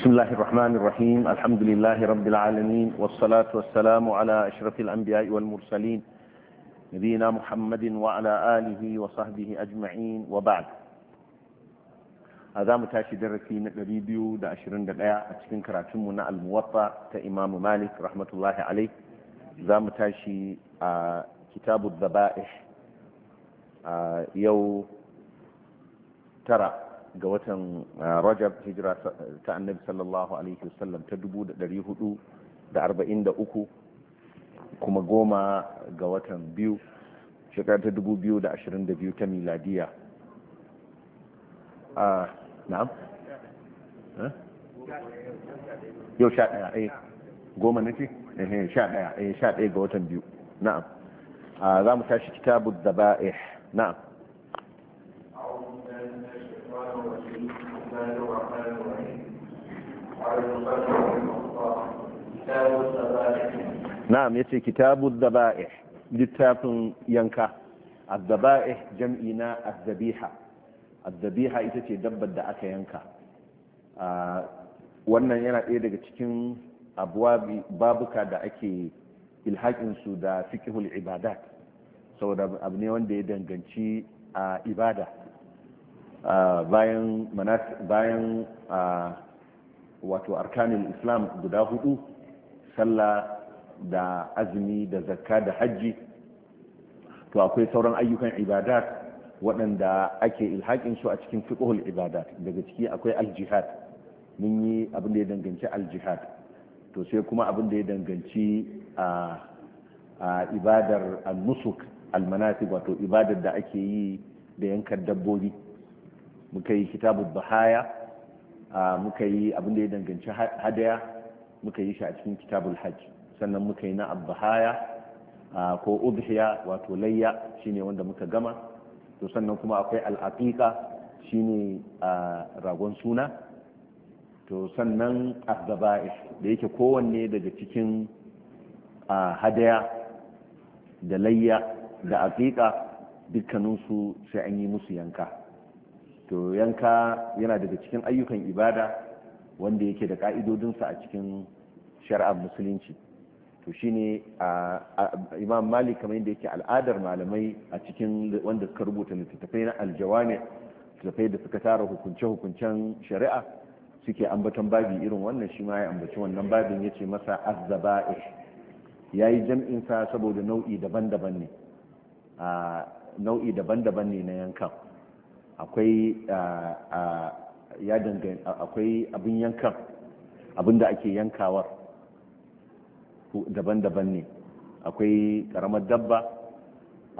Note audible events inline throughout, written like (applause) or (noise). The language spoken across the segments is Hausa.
بسم الله الرحمن الرحيم الحمد لله رب العالمين والصلاة والسلام على أشرف الأنبياء والمرسلين نبينا محمد وعلى آله وصحبه أجمعين وبعد هذا متاشي دركي نقري بيو دا أشرين دقاء أتكن كراتمنا الموطة كإمام مالك رحمة الله عليه ذا متاشي كتاب الذبائح يو ترى ga watan uh, rajab hijira ta annabi sallallahu alaihi wasallam ta 443 kuma goma ga watan biyu shekara ta 2022 ta miladiya a ah, na'am yau sha daya a eh, goma na ce eh, eh, sha daya sha daya ga watan biyu na'am ah, za mu tashi kitabu daba'ih na'am na'am yace kitabu dhaba'ih littafin yanka الذبائح جمعنا الذبيحة الذبيحة ita ce dabbar da aka yanka wannan yana ɗaya daga cikin babuka da ake su da fiqhul ibadat saboda abu ne wanda ya danganci a ibada bayan bayan wato arkanin islam guda hudu sallah da azumi da zakka da hajji to akwai sauran ayyukan ibadat waɗanda ake ilhaƙin su a cikin fiqhul ibadat daga ciki akwai aljihad mun yi abin da ya danganci aljihad to sai kuma abin da ya danganci a ibadar al-nusuk al wato ibadar da ake yi da yankan dabbobi muka yi kitabul bahaya muka yi abin da ya danganci hadaya muka yi shi a cikin kitabul hajj sannan muka yi na abbahaya ko udhiya wato layya shine wanda muka gama to sannan kuma akwai al'aqiqa shine ragon suna to sannan azdaba'ih da yake kowanne daga cikin hadaya da layya da aqiqa dukkaninsu sai an yi musu yanka to yanka yana daga cikin ayyukan ibada wanda yake da ka'idodinsa a cikin shari'ar musulunci to shine imam malik kamar yadda yake al'adar malamai a cikin wanda suka rubuta littattafai na aljawami littattafai da suka tara hukunce-hukuncen shari'a suke ambaton babi irin wannan shi ma ya ambaci wannan babin ya ce masa azzaba'ir ya yi jam'insa saboda nau'i daban-daban ne nau'i daban-daban ne na yankan akwai ya dangane akwai abin yankan abin da ake yankawar daban-daban ne akwai karamar dabba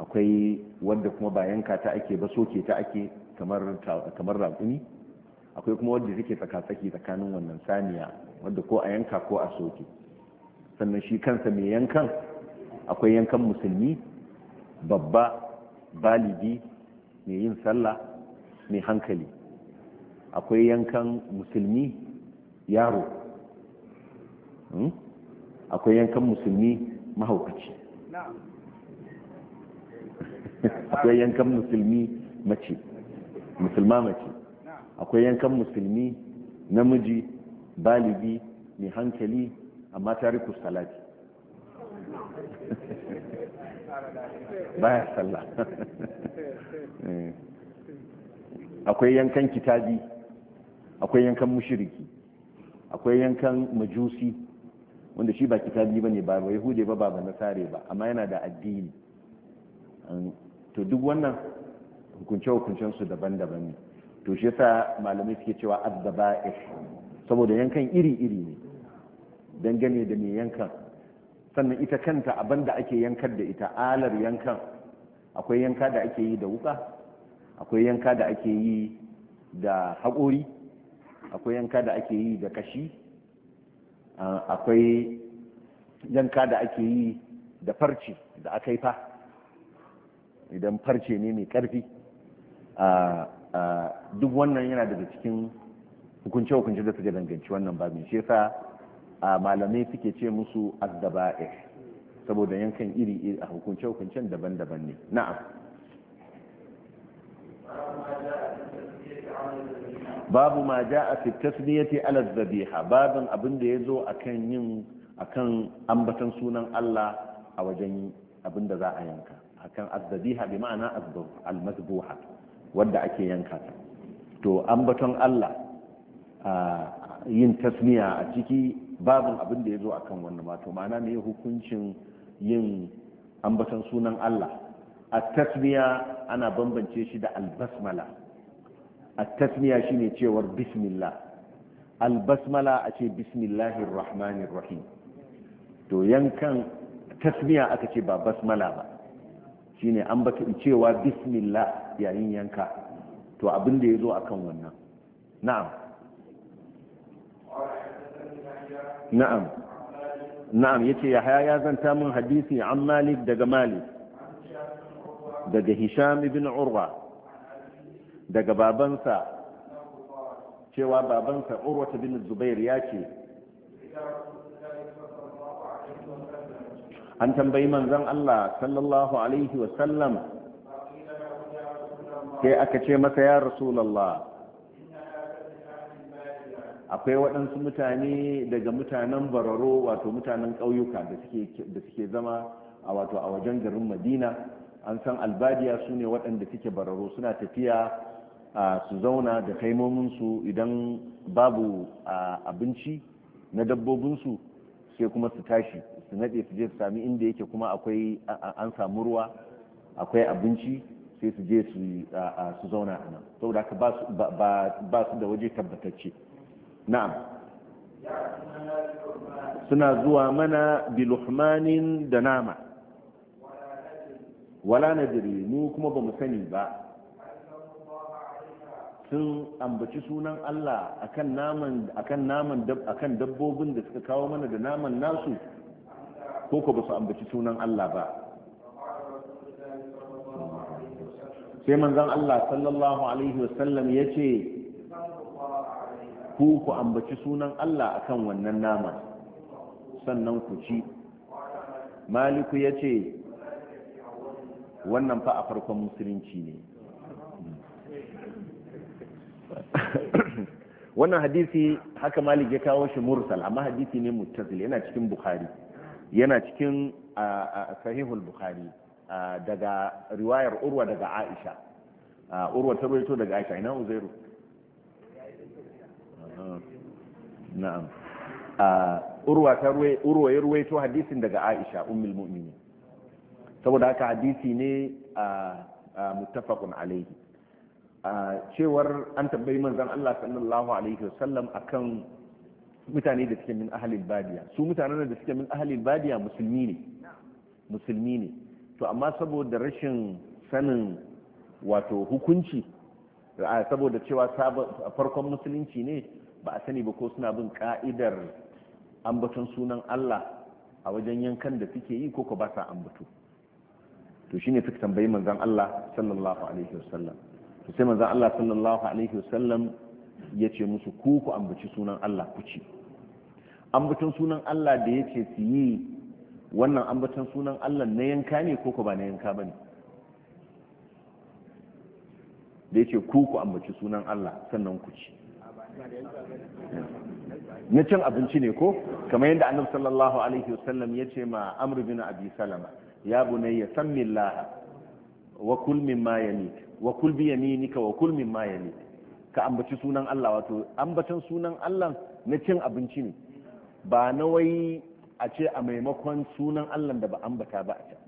akwai wanda kuma ba yanka ta ake ba soke ta ake kamar raƙuni akwai kuma wanda suke tsakatsaki tsakanin wannan saniya wanda ko a yanka ko a soke sannan shi kansa mai yankan akwai yankan musulmi babba balibi mai yin sallah mai hankali akwai yankan musulmi yaro hmm? akwai yankan musulmi mahaukaci (laughs) akwai yankan musulmi mace musulma mace akwai yankan musulmi namiji balibi mai hankali amma tarikus salati (laughs) baya sallah (laughs) eh. akwai yankan kitabi akwai yankan mushiriki akwai yankan majusi wanda shi ba kitabi ba ne ba ba yahude ba ba ba nasare ba amma yana da addini to duk wannan hukunce hukuncensu su daban-daban ne to shi yasa malamai suke cewa addaba'ir saboda yankan iri-iri ne dangane da mai yankan sannan ita kanta abin da ake yankar da ita alar yankan akwai yanka da ake yi da wuka akwai yanka da ake yi da haƙori akwai yanka da ake yi da kashi akwai yanka da ake yi da farce da aka yi fa idan farce ne mai ƙarfi duk wannan yana daga cikin hukunce-hukunce da suke danganci wannan ba mai shefa a malamai suke ce musu azdaba'ir saboda yankan iri-iri a hukunce-hukuncen daban-daban ne na'am babu ma ja'a fi tasmiyati ala zabiha, babin abin da yazo akan yin akan ambatan sunan Allah a wajen abin da za a yanka akan azzabiha bi ma'ana al-mazbuha wanda ake yanka ta to ambaton Allah yin tasmiya a ciki babin abin da yazo akan wannan ma to ma'ana ne hukuncin yin ambaton sunan Allah at-tasmiya ana bambance shi da al-basmala at-tasmiya shine cewar bismillah al-basmala a ce bismillahir rahmanir rahim to yankan tasmiya aka ce ba basmala ba shine an bata cewa bismillah yayin yanka to abin da yazo akan wannan na'am na'am na'am yace yahya ya zanta min hadisi an malik daga malik daga urwa daga babansa cewa babansa urwata bin zubair ya ce an tambayi manzan Allah sallallahu alaihi wasallam sai aka ce masa ya rasulallah akwai waɗansu mutane daga mutanen bararo wato mutanen ƙauyuka da suke zama a wato a wajen garin madina an san albadiya su ne waɗanda suke bararo suna tafiya su zauna da kaimominsu idan babu abinci na dabbobinsu sai kuma su tashi su naɗe su je su sami inda yake kuma akwai an samu ruwa akwai abinci sai su je su zauna a nan saboda haka ba su da waje tabbatacce na'am suna zuwa mana biluhmanin da nama wala nadiri mu kuma ba mu sani ba sun ambaci sunan Allah akan naman akan naman akan dabbobin da suka kawo mana da naman nasu ko ko ba su ambaci sunan Allah ba sai manzon Allah sallallahu alaihi wasallam ya ce ku ku ambaci sunan Allah akan wannan naman sannan ku ci maliku ya ce wannan fa a farkon musulunci ne (coughs) wannan hadisi haka malik ya kawo shi mursal amma hadisi ne muttasil yana cikin bukhari yana cikin sahihul bukhari daga riwayar urwa daga aisha urwa ta rubuto daga aisha ina uzairu na'am urwa ta urwa ya rawaito hadisin daga aisha ummul mu'minin saboda haka hadisi ne muttafaqun alaihi cewar an tambayi manzan Allah sallallahu alaihi wasallam akan mutane da suke min ahalin badiya su mutanen da suke min ahalin badiya musulmi ne musulmi ne to amma saboda rashin sanin wato hukunci saboda cewa farkon musulunci ne ba a sani ba ko suna bin ka'idar ambaton sunan Allah a wajen yankan da suke yi ko ba sa ambato to shine suka tambayi manzan Allah sallallahu alaihi wasallam sai manzan Allah sallallahu alaihi wasallam ya ce musu ku ku ambaci sunan Allah ku ci ambacin sunan Allah da ya ce su yi wannan ambacin sunan Allah na yanka ne ko ba na yanka ba ne da ya ce ku ku ambaci sunan Allah sannan ku ci na cin abinci ne ko kamar yadda annabi sallallahu alaihi wasallam ya ce ma amr bin abi salama ya bunayya sammi Allah wa kul ma yalik wa kul bi yaminika wa kul ma yalik ka ambaci sunan Allah wato ambatan sunan Allah na cin abinci ne ba na wai a ce a maimakon sunan Allah da ba ambata ba a can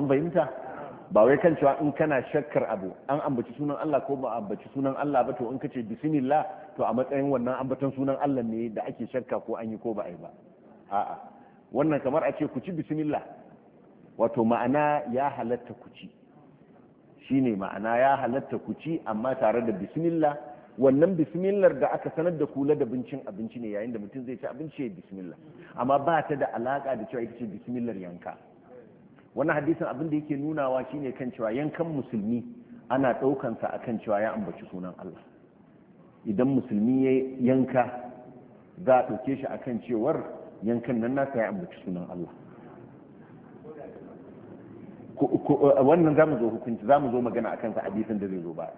an fahimta ba wai kan cewa in kana shakkar abu an ambaci sunan Allah ko ba ambaci sunan Allah ba to in ka ce bismillah to a matsayin wannan ambatan sunan Allah ne da ake shakka ko an yi ko ba a yi ba a'a wannan kamar a ce ku ci bismillah wato ma'ana ya halatta ku shine ma'ana ya halatta ku amma tare da bismillah wannan bismillar da aka sanar da kula da bincin abinci ne yayin da mutum zai ci abinci ya bismillah amma ba ta da alaka da cewa ita ce bismillah yanka wannan hadisin abin da yake nunawa shine kan cewa yankan musulmi ana ɗaukansa a kan cewa ya ambaci sunan Allah idan musulmi ya yanka za a ɗauke shi a kan cewar yankan nan nasa ya ambaci sunan Allah Eh, wannan za mu zo hukunci za mu zo magana akan sa hadisin da zai zo ba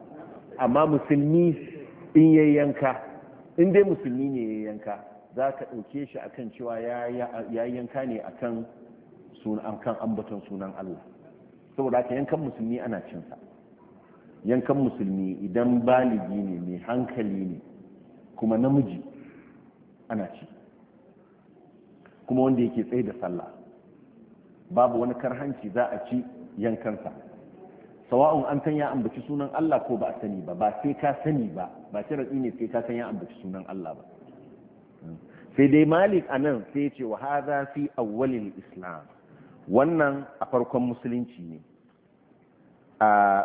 amma musulmi in yayi yanka in dai musulmi ne yayi yanka za ka ɗauke shi akan cewa ya yanka ne akan sunan kan ambaton sunan Allah saboda haka yankan musulmi ana cin sa yankan musulmi idan baligi ne mai hankali ne kuma namiji ana ci kuma wanda yake tsaye da sallah babu wani karhanci za a ci yankansa sawa'un an san ya ambaci sunan Allah ko ba a sani ba ba sai ka sani ba ba sharadi ne sai ka san ya ambaci sunan Allah ba sai dai malik anan sai ya ce wa hadha fi awwalil islam wannan a farkon musulunci ne a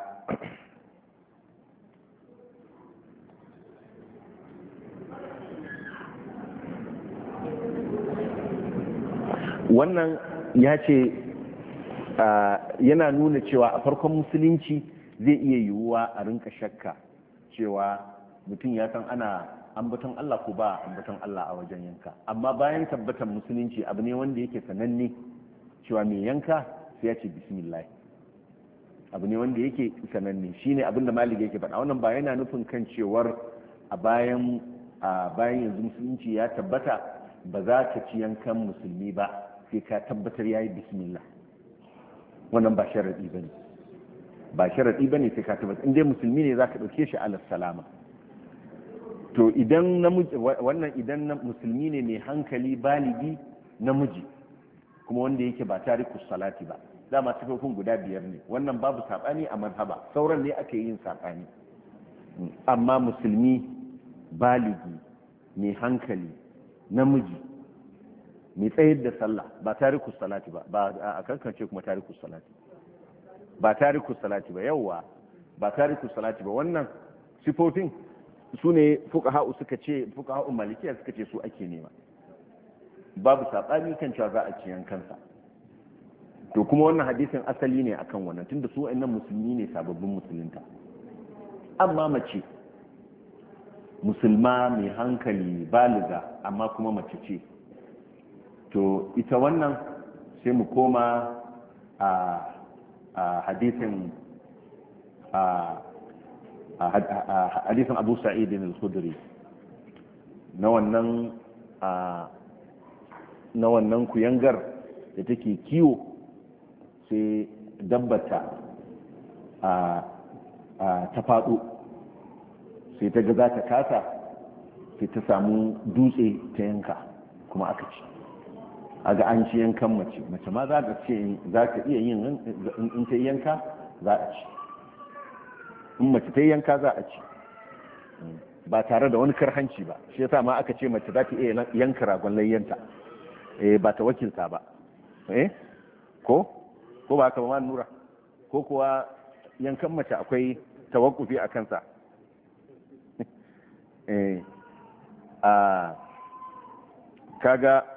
(coughs) wannan ya ce yana nuna cewa a farkon musulunci zai iya yiwuwa a rinka shakka cewa mutum ya san ana ambaton Allah ko ba ambaton Allah a wajen yanka amma bayan tabbatar musulunci abu ne wanda yake sananne cewa mai yanka sai ya ce bismillah abu ne wanda yake sananne shine abinda malik yake faɗa wannan ba yana nufin kan cewar a bayan a bayan yanzu musulunci ya tabbata ba za ka ci yankan musulmi ba sai ka tabbatar yayi bismillah wannan ba sharadi bane ba sharadi bane sai ka tabbatar indai musulmi ne zaka dauke shi ala salama to idan namiji wannan idan musulmi ne mai hankali baligi namiji kuma wanda yake ba tariku salati ba dama sifofin guda biyar ne wannan babu sabani a marhaba sauran ne ake yin sabani amma musulmi baligi mai hankali namiji mai tsayar da sallah ba tariku salati ba ba a kankance kuma tariku salati ba tariku salati ba yawwa ba tariku salati ba wannan sifofin su ne fuqaha'u suka ce fuqaha'u malikiya suka ce su ake nema babu saɓani kan cewa za a ci kansa to kuma wannan hadisin asali ne akan wannan tunda su wa'annan musulmi ne sababbin musulunta amma mace musulma mai hankali baliga amma kuma mace ce to ita wannan sai mu koma a hadisin hadisin abu sa'idin al-khudri na wannan na wannan kuyangar da take kiwo sai dabbata ta faɗo sai ta ga za ta kasa sai ta samu dutse ta yanka kuma aka ci a ga an ci yankan mace mace ma za ka ce za ka iya yin in ta yanka za a ci in mace ta yanka za a ci ba tare da wani karhanci ba shi yasa ma aka ce mace za ta iya yanka ragon layyanta eh ba ta wakilta ba eh ko ko ba ka ba nura ko kuwa yankan mace akwai tawakkufi a kansa (laughs) eh a kaga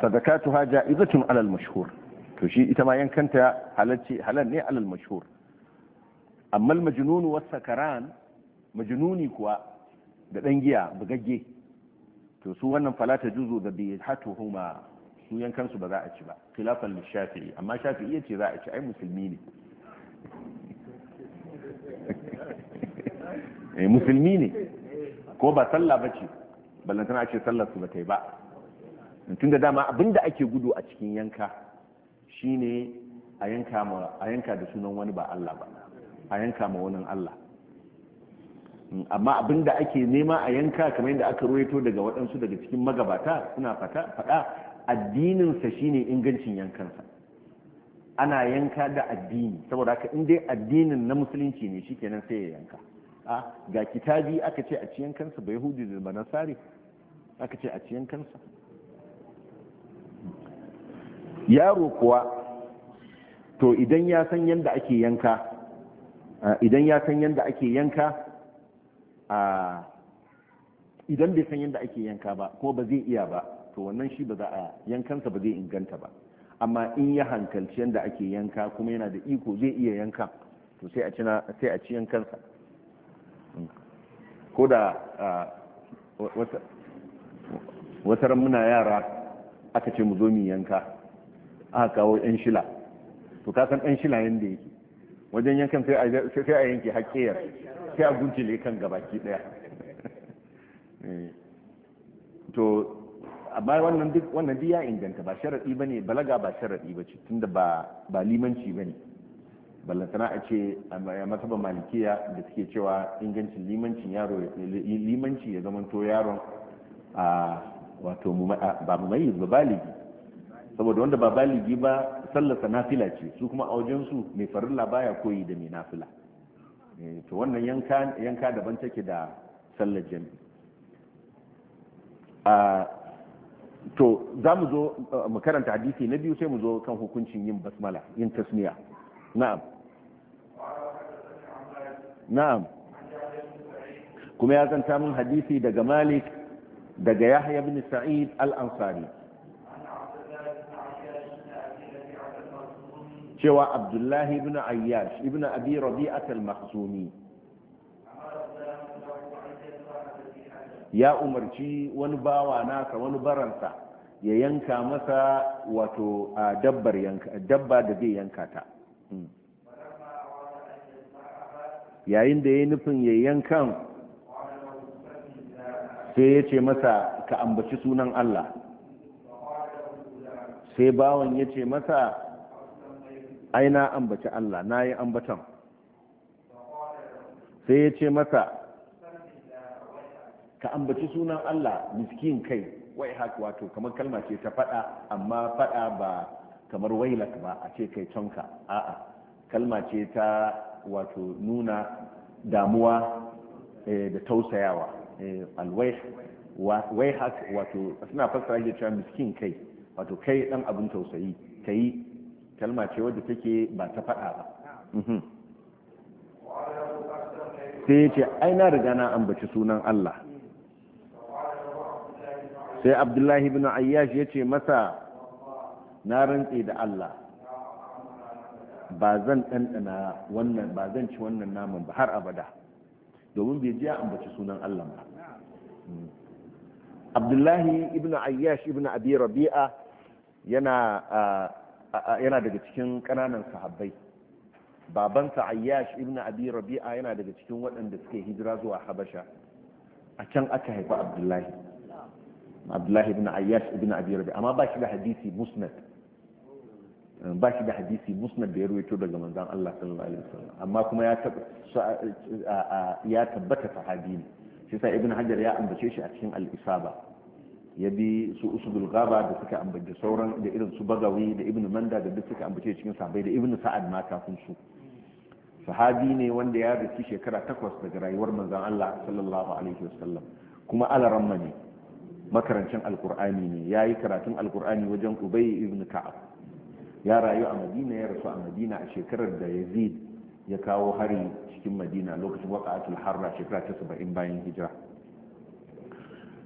fazakatuha ja'izatun alal mashhur to shi ita ma yankanta halalci halal ne alal mashhur amma majnun was sakaran majnuni kuwa da dan giya bugagge to su wannan falata juzu da bi hatuhuma su yankan ba za ci ba khilafan lishafi'i amma shafi'i yace ci ai musulmi ne musulmi ne ko ba sallah a ce sallar su ba ta yi ba tun da dama abinda ake gudu a cikin yanka shine a yanka a yanka da sunan wani ba Allah ba a yanka ma wani Allah amma abinda ake nema a yanka kamar yadda aka ruwaito daga waɗansu daga cikin magabata suna faɗa addininsa shine ingancin yankansa ana yanka da addini saboda haka in dai addinin na musulunci ne shikenan sai ya yanka a ah, ga kitabi aka ce a ciyan kansa bai hudu da nasari aka ce a ciyan kansa yaro kuwa to idan ya san yadda ake yanka idan ya san yadda ake yanka a idan bai san yadda ake yanka ba ko ba zai iya ba to wannan shi ba za a yankansa ba zai inganta ba amma in ya hankalci yadda ake yanka kuma yana da iko zai iya yankan to sai a ci yankansa hmm. ko da wata ran muna yara aka ce mu zo mu yanka aka kawo ɗan shila to ka san ɗan shila yadda yake wajen yankan sai a yanke haƙƙiyar sai a guntule kan gabaki ɗaya (laughs) eh. to amma wannan duk wannan duk ya inganta ba sharaɗi ba ne balaga ba sharaɗi ba ce tunda ba limanci ba ne ballantana a ce a matsabar malikiya da suke cewa ingancin limancin yaro limanci ya zamanto yaron a wato ba mu mai ba baligi saboda wanda ba baligi ba na nafila ce su kuma a wajensu mai farilla baya koyi da mai nafila eh, to wannan yanka daban take da sallar jami'i ah, to za mu zo eh, mu karanta hadisi na biyu sai mu zo kan hukuncin yin basmala yin tasmiya na'am na'am kuma ya zanta min hadisi daga malik daga yahya bin sa'id al-ansari cewa abdullahi ibn ayyash ibn abi rabi'at al-makhzumi ya umarci wani bawa nasa wani baransa ya yanka masa wato dabbar yanka dabba da zai yanka ta hmm. yayin da ya nufin ya yankan sai ya ce masa ka ambaci sunan Allah sai bawan ya ce masa ai na ambaci Allah na yi ambatan sai ya ce masa ka ambaci sunan Allah miskin kai wai haka wato kamar kalma ce ta fada amma fada ba kamar wailak ba a ce kai tonka a'a kalma ce ta wato nuna damuwa eh, da tausayawa eh, alwai wai haka wato suna fasara shi cewa miskin kai wato kai dan abin tausayi kai kalma ce wadda take ba ta faɗa ba mhm. sai ya ce ai na riga na ambaci sunan Allah sai abdullahi bin ayyash ya ce masa na rantse da Allah ba zan ɗanɗana wannan ba zan ci wannan naman ba har abada domin bai ji ya ambaci sunan Allah ba mhm. abdullahi ibn ayyash ibn abi rabi'a yana ah, yana daga cikin kananan sahabbai babansa ayyash ibn abi rabi'a yana daga cikin waɗanda suke hijira zuwa habasha a can aka haifa abdullahi abdullahi ibn ayyash ibn abi rabi'a amma ba shi da hadisi musnad ba shi da hadisi musnad da ya ruwaito daga manzon Allah sallallahu alaihi wasallam amma kuma ya ya tabbata sahabi ne shi sa ibn hajar ya ambace shi a cikin al-isaba ya bi su usudul gaba da suka ambaci sauran da irin su bagawi da ibnu manda da duk suka ambace cikin sahabbai da ibnu sa'ad ma kafin su sahabi ne wanda ya rasu shekara takwas daga rayuwar manzon Allah sallallahu alaihi wasallam kuma alaramma ne makarancin alkur'ani ne yayi karatun alkur'ani wajen ubay ibn ka'ab ya rayu a madina ya rasu a madina a shekarar da yazid ya kawo hari cikin madina lokacin waqa'atul harra shekara ta saba'in bayan hijira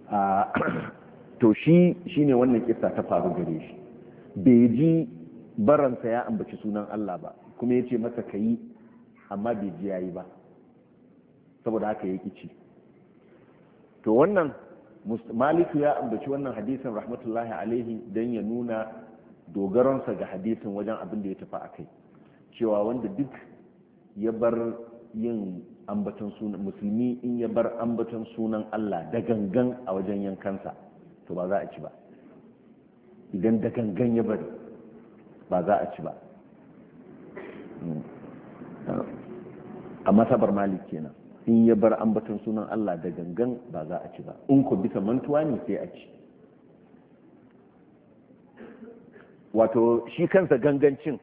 ah, to shi shine wannan kisa ta faru gare shi bai ji baransa ya ambaci sunan Allah ba kuma ya ce masa ka yi amma bai ji yi ba saboda haka ya ci to wannan maliku ya ambaci wannan hadisin rahmatullahi alaihi don ya nuna dogaronsa ga hadisin wajen abin da ya tafi a kai cewa wanda duk ya bar yin ambatan sunan musulmi in ya bar ambatan sunan Allah da gangan a wajen yankansa to ba za a ci ba idan da gangan ya bari ba za a ci ba a masabar malik kenan in ya bar ambaton sunan Allah da gangan ba za a ci ba in ku bisa mantuwa ne sai a ci wato shi kansa gangancin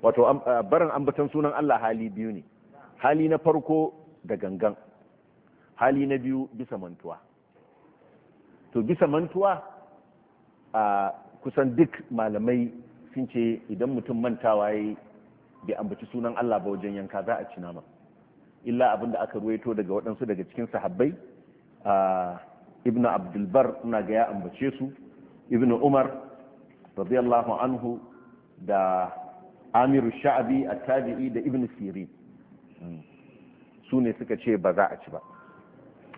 wato barin ambaton sunan Allah hali biyu ne hali na farko da gangan hali na biyu bisa mantuwa to bisa mantuwa a kusan duk malamai sun ce idan mutum mantawa ya bai ambaci sunan Allah ba wajen yanka za a ci nama illa abin da aka ruwaito daga waɗansu daga cikin sahabbai ibnu abdulbar ina ga ya ambace su Ibn umar radiyallahu anhu da amiru sha'abi a tabi'i da ibnu sirin hmm. su ne suka ce ba za a ci ba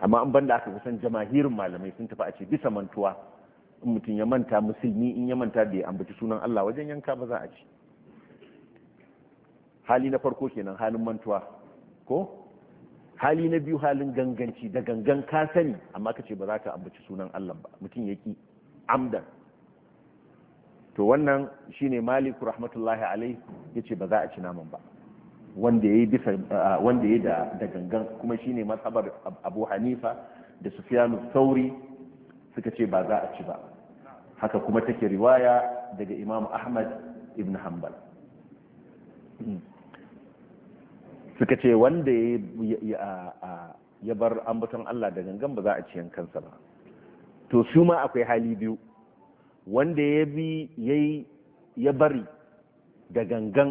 amma an banda aka kusan jamahirin malamai sun tafi a ce bisa mantuwa in mutum ya manta musulmi in ya manta da ya ambaci sunan Allah wajen yanka ba za a ci hali na farko kenan halin mantuwa ko hali na biyu halin ganganci da gangan ka sani amma ka ce ba za ka ambaci sunan Allah ba mutum ya ki amdan to wannan shine maliku rahmatullahi alai ya ce ba za a ci naman ba wanda ya yi bisa wanda ya da gangan kuma shine mazhabar Abu Hanifa da sufiyanu Sauri suka ce ba za a ci ba haka kuma take riwaya daga Imam Ahmad ibn Hanbal suka ce wanda ya bar ambaton Allah da gangan ba za a ci yankansa ba to su ma akwai hali biyu wanda ya bi ya bari da gangan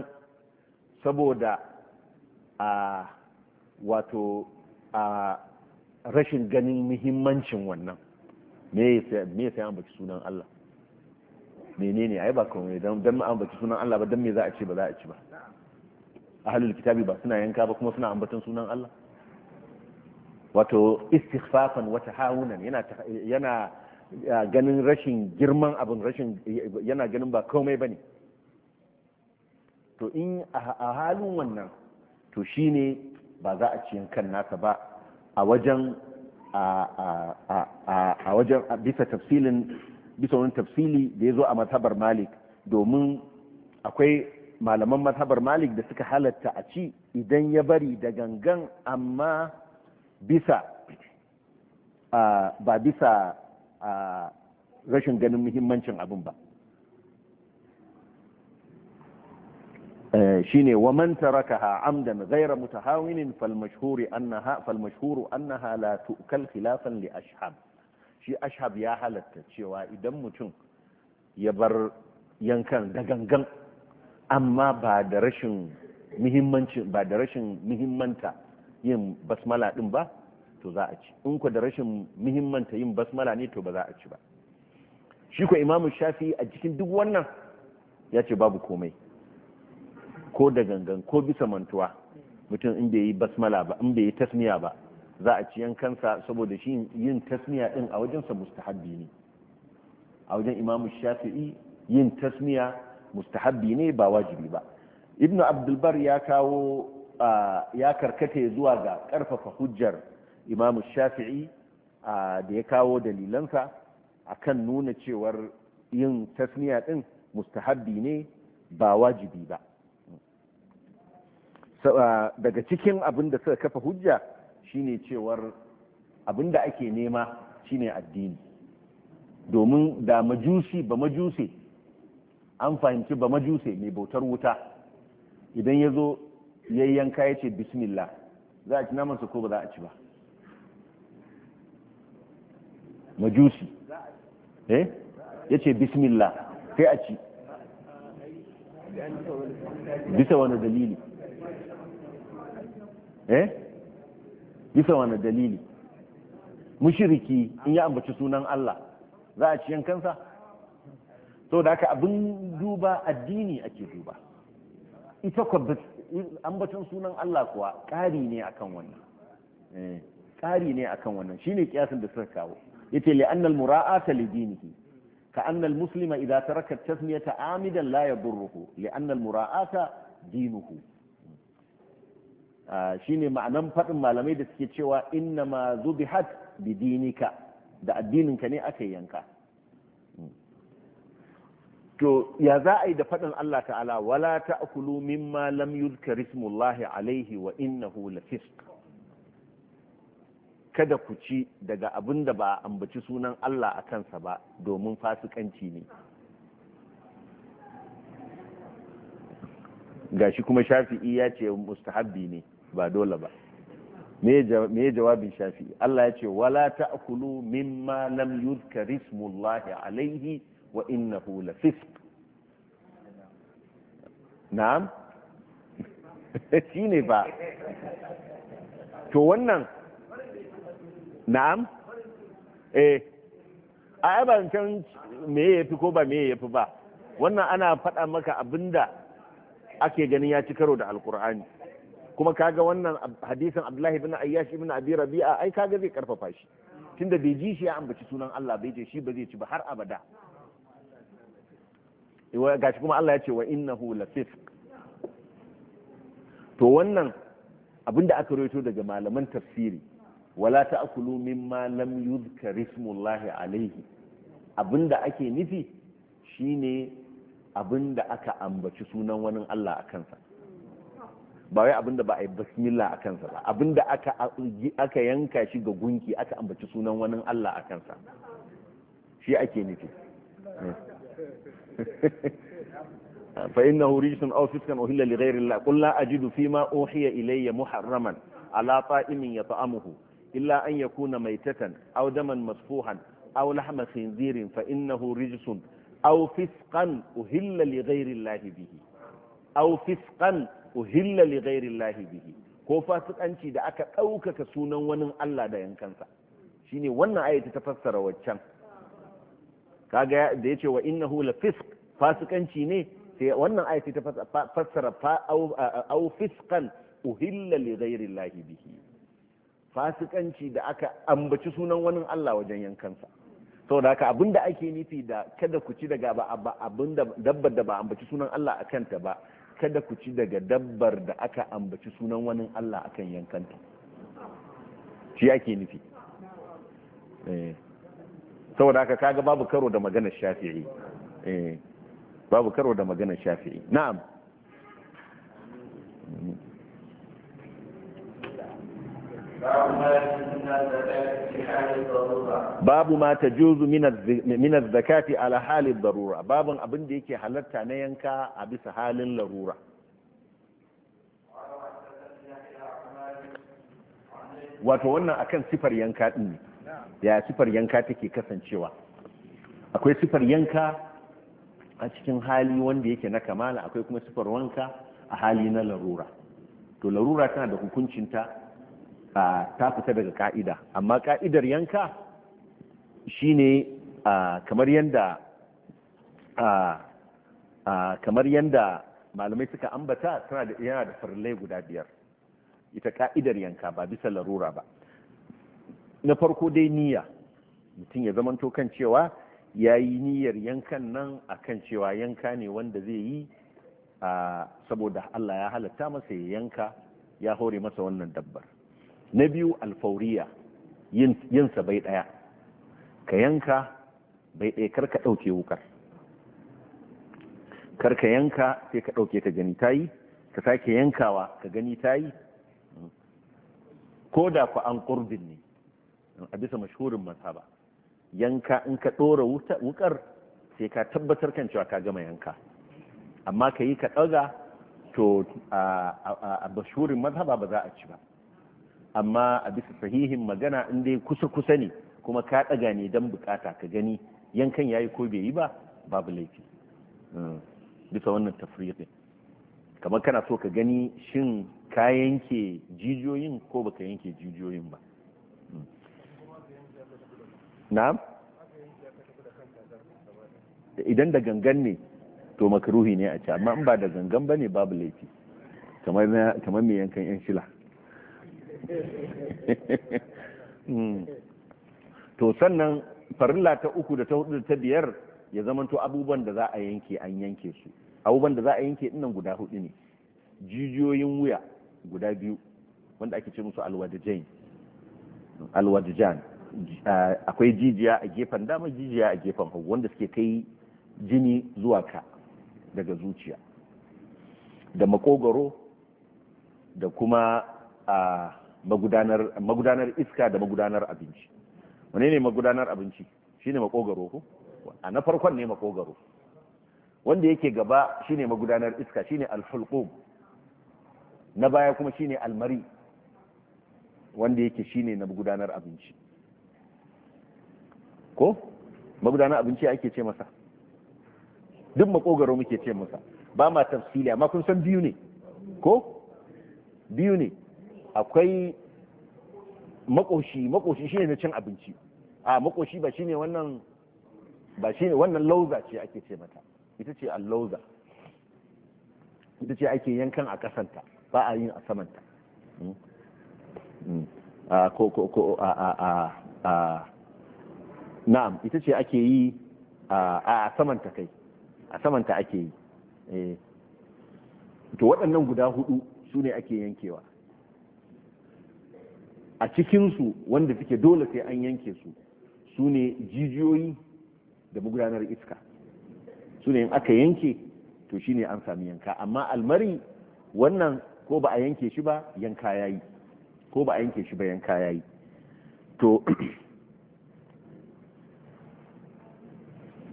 saboda a wato a rashin ganin muhimmancin wannan me ya sai baki sunan Allah menene ai ba kuma dan an baki sunan Allah ba dan me za a ce ba za a ci ba ahlul kitabi ba suna yanka ba kuma suna ambatan sunan Allah wato istighfafan wa tahawunan yana yana ganin rashin girman abin rashin yana ganin ba komai bane to in a halin wannan to shine ba za a ciyan kan nasa ba a wajen bisa tafsilin bisa wani tafsili da ya zo a matabar malik domin akwai malaman matabar malik da suka halatta a ci idan ya bari da gangan amma bisa ba bisa rashin ganin muhimmancin abin ba Eh, shine wa man tarakaha amdan ghayra mutahawinin fal Falmashuru annaha fal mashhur annaha la tu'kal khilafan li ashhab shi ashhab ya halatta cewa idan mutum ya bar yankan da gangan amma ba da rashin muhimmanci ba da rashin muhimmanta yin basmala din ba to za a ci in ku da rashin muhimmanta yin basmala ne to ba za a ci ba shi ko imamu shafi a cikin duk wannan ya ce babu komai ko da gangan ko bisa mantuwa mutum in bai yi basmala ba in bai yi tasmiya ba za a ci yankansa saboda shi yin tasmiya din a wajensa mustahabbi ne a wajen imamu shafi'i yin tasmiya mustahabbi ne ba wajibi ba ibn abdulbar ya kawo ya karkata zuwa ga karfafa hujjar imamu shafi'i da ya kawo dalilansa akan nuna cewar yin tasmiya din mustahabbi ne ba wajibi ba daga cikin abin da suka kafa hujja shine cewar abin da ake nema shine addini domin da majusi ba majuse an fahimci ba majuse mai bautar wuta idan ya zo yayyanka ya ce bismillah za a ci namansa ko ba za a ci ba majusi eh ya ce bismillah sai a ci bisa wani dalili eh bisa wani dalili mushiriki in ya ambaci sunan Allah za a ciyan kansa so da haka abin duba addini ake duba ita kwa ambacin sunan Allah kuwa ƙari ne akan wannan eh, ƙari ne akan wannan shine kiyasin da suka kawo yace li annal mura'ata li dinihi ka annal muslima idza taraka tasmiyata amidan la yadurruhu li annal mura'ata dinuhu Ah, shine ma'anan faɗin malamai da suke cewa inna ma zubihat bidinika da addininka ne aka yanka hmm. to ya za a yi da faɗin Allah ta'ala wala ta'kulu mimma lam yuzkar ismullahi alaihi wa innahu lafisq kada ku ci daga abin da ba ambaci sunan Allah a kansa ba domin fasikanci ne gashi kuma shafi'i ya ce mustahabbi ne ba dole ba me jawabin shafi Allah ya ce wala ta'kulu mimma lam yuzkar ismullahi alaihi wa innahu fisq na'am (laughs) shine ba to wannan na'am eh a ban can me yafi ko ba me yafi ba wannan ana faɗa maka abinda ake ganin ya ci karo da alkur'ani kuma kaga wannan hadisin abdullahi bin ayyash ibn abi rabi'a ai kaga zai karfafa shi tunda bai ji shi ya ambaci sunan Allah bai je shi ba zai ci ba har abada gashi kuma Allah ya ce wa innahu lafisq to wannan abinda aka rawaito daga malaman tafsiri wala ta'kulu mimma lam yuzkar ismullahi Alayhi. abinda ake nufi shine abinda aka ambaci sunan wani Allah a kansa ba wai abin da ba a yi bismillah a kansa ba abin da aka yanka shi ga gunki aka ambaci sunan wani Allah a kansa shi ake nufi (laughs) fa inna rijsun aw fiskan uhilla li ghayri Allah qul la ajidu fi ma uhiya ilayya muharraman ala ta'imin yata'amuhu illa an yakuna maytatan aw daman masfuhan aw lahma khinzirin fa innahu rijsun aw fisqan uhilla li ghayri Allah bihi aw fisqan uhilla li llahi bihi ko fasikanci da aka ɗaukaka sunan wani Allah da yankansa shine wannan ayati ta fassara waccan kaga da yace wa innahu la fisq fasikanci ne sai wannan ayati ta fassara au fisqan uhilla li llahi bihi fasikanci da aka ambaci sunan wani Allah wajen yankansa saboda haka abinda ake nufi da kada ku ci daga abinda dabbar da ba ambaci sunan Allah a kanta ba kada ku ci daga dabbar da aka ambaci sunan wani Allah akan yankanta shi yake nufi eh. saboda haka kaga babu karo da magana shafi'i eh. babu karo da magana shafi'i na'am babu ma ta juzu minas zakati ala halin darura babun abin da yake halarta na yanka a bisa halin larura wato wannan akan sifar yanka din ne, ya sifar yanka take kasancewa akwai sifar yanka a cikin hali wanda yake na kamala akwai kuma sifar wanka a hali na larura to larura tana da hukuncinta ta fita daga ka'ida amma ka'idar yanka shine kamar kamar yadda malamai suka ambata tana yana da farlai guda biyar ita ka'idar yanka ba bisa larura ba na farko dai niyya mutum ya zamanto kan cewa ya yi niyyar yankan nan a kan cewa yanka ne wanda zai yi saboda Allah ya halatta masa ya yanka ya hore masa wannan dabbar na biyu alfauriya yinsa bai ɗaya ka yanka bai ɗaya karka ka ɗauke wukar kar yanka sai ka ɗauke ka gani ta yi ka sake yankawa ka gani ta yi ko da ku an ƙurbin ne a bisa mashhurin mazhaba yanka in ka ɗora wukar sai ka tabbatar kan cewa ka gama yanka amma ka yi ka ɗaga to a mashhurin mazhaba ba za a ci ba amma a bisa sahihin magana in dai kusa kusa ne kuma ka ɗaga ne don bukata ka gani yankan yayi ko bai yi ba babu laifi hmm. bisa wannan tafriqin kamar kana so ka gani shin ka yanke jijiyoyin ko baka yanke jijiyoyin ba hmm. na'am idan da gangan ne to makaruhi ne a ci amma in ba da gangan ba ne babu laifi kamar mai yankan yan shila Hmm. to sannan farilla ta uku da ta hudu da ta biyar ya zamanto abubuwan da za a yanke an yanke su abubuwan da za a yanke dinnan guda hudu ne jijiyoyin wuya guda biyu wanda ake ce musu alwadijain alwadijan akwai jijiya a gefen dama jijiya a gefen hagu wanda suke kai jini zuwa ka daga zuciya da makogoro da kuma a magudanar iska da magudanar abinci wane ne magudanar abinci shine makogaro ko a na farkon ne makogaro wanda yake gaba shine magudanar iska shine alhulqum na baya kuma shine almari wanda yake shine na magudanar abinci ko magudanar abinci ake ce masa duk makogaro muke ce masa ba ma tafsili amma kun san biyu ne ko biyu ne akwai makoshi makoshi shine na cin abinci a makoshi ba shine wannan ba shine wannan lauza ce ake ce mata ita ce allauza ita ce ake yankan a kasanta ba a yin a samanta hmm? Hmm. ko ko ko a a a na'am ita ce ake yi a samanta kai a samanta ake yi eh. to waɗannan guda hudu su ne ake yankewa a cikinsu wanda suke dole sai an yanke su su ne jijiyoyi da magudanar iska su ne in aka yanke to shi ne an sami yanka amma almari wannan ko ba a yanke shi ba yanka ya yi ko ba a yanke shi ba yanka ya yi to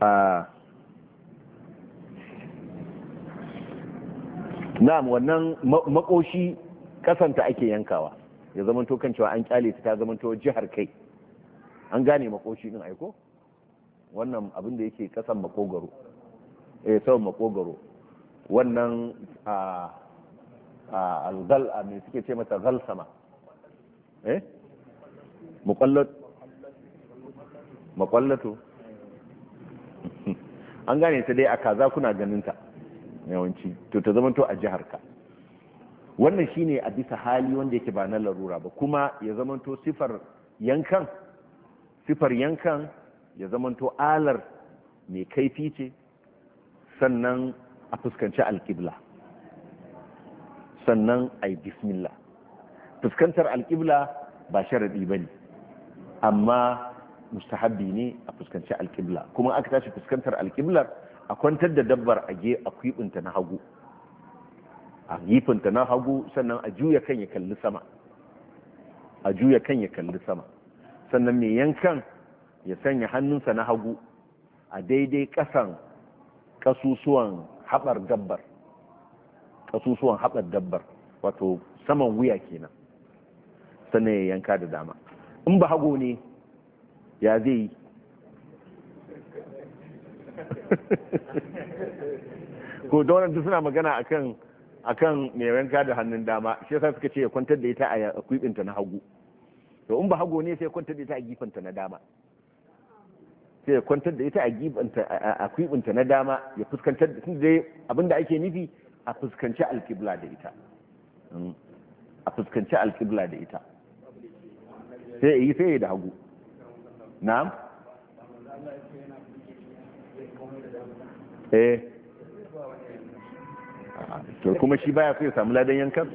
(clears throat) na'am wannan makoshi kasanta ake yankawa ya zamanto kan cewa an kyale ta zamanto jihar kai an gane makoshi din aiko wannan abin da yake kasan makogaro eh sau makogaro wannan a algal a me suke ce mata sama eh muqallat muqallatu (laughs) an gane ta dai a kaza kuna ganin ta yawanci to ta zamanto a jihar ka wannan shine a bisa hali wanda yake ba na larura ba kuma ya zamanto sifar yankan sifar yankan ya zamanto alar mai kaifi ce sannan a fuskanci alƙibla sannan a yi bismillah fuskantar alƙibla ba sharaɗi ba ne amma mustahabbi ne a fuskanci alƙibla kuma aka tashi fuskantar alƙiblar a kwantar da dabbar a ge a kwiɓinta na hagu a gefenta na hagu sannan a juya kan ya kalli sama a juya kan ya kalli sama sannan mai yankan ya sanya hannunsa na hagu a daidai kasan kasusuwan haɓar dabbar kasusuwan haɓar dabbar wato saman wuya kenan sannan ya yanka da dama in ba hago ne ya zai yi (laughs) ko da suna magana akan akan mai wanka da hannun dama shi yasa suka ce ya kwantar da ita a kwibinta na hagu to in ba hagu ne sai ya kwantar da ita a gifanta na dama sai ya kwantar da ita a kwibinta na dama ya fuskantar da dai abinda ake nufi a fuskanci alkibla da ita hmm. a fuskanci alkibla da ita sai ya yi sai ya da hagu na'am eh to kuma shi baya so ya samu ladan yankan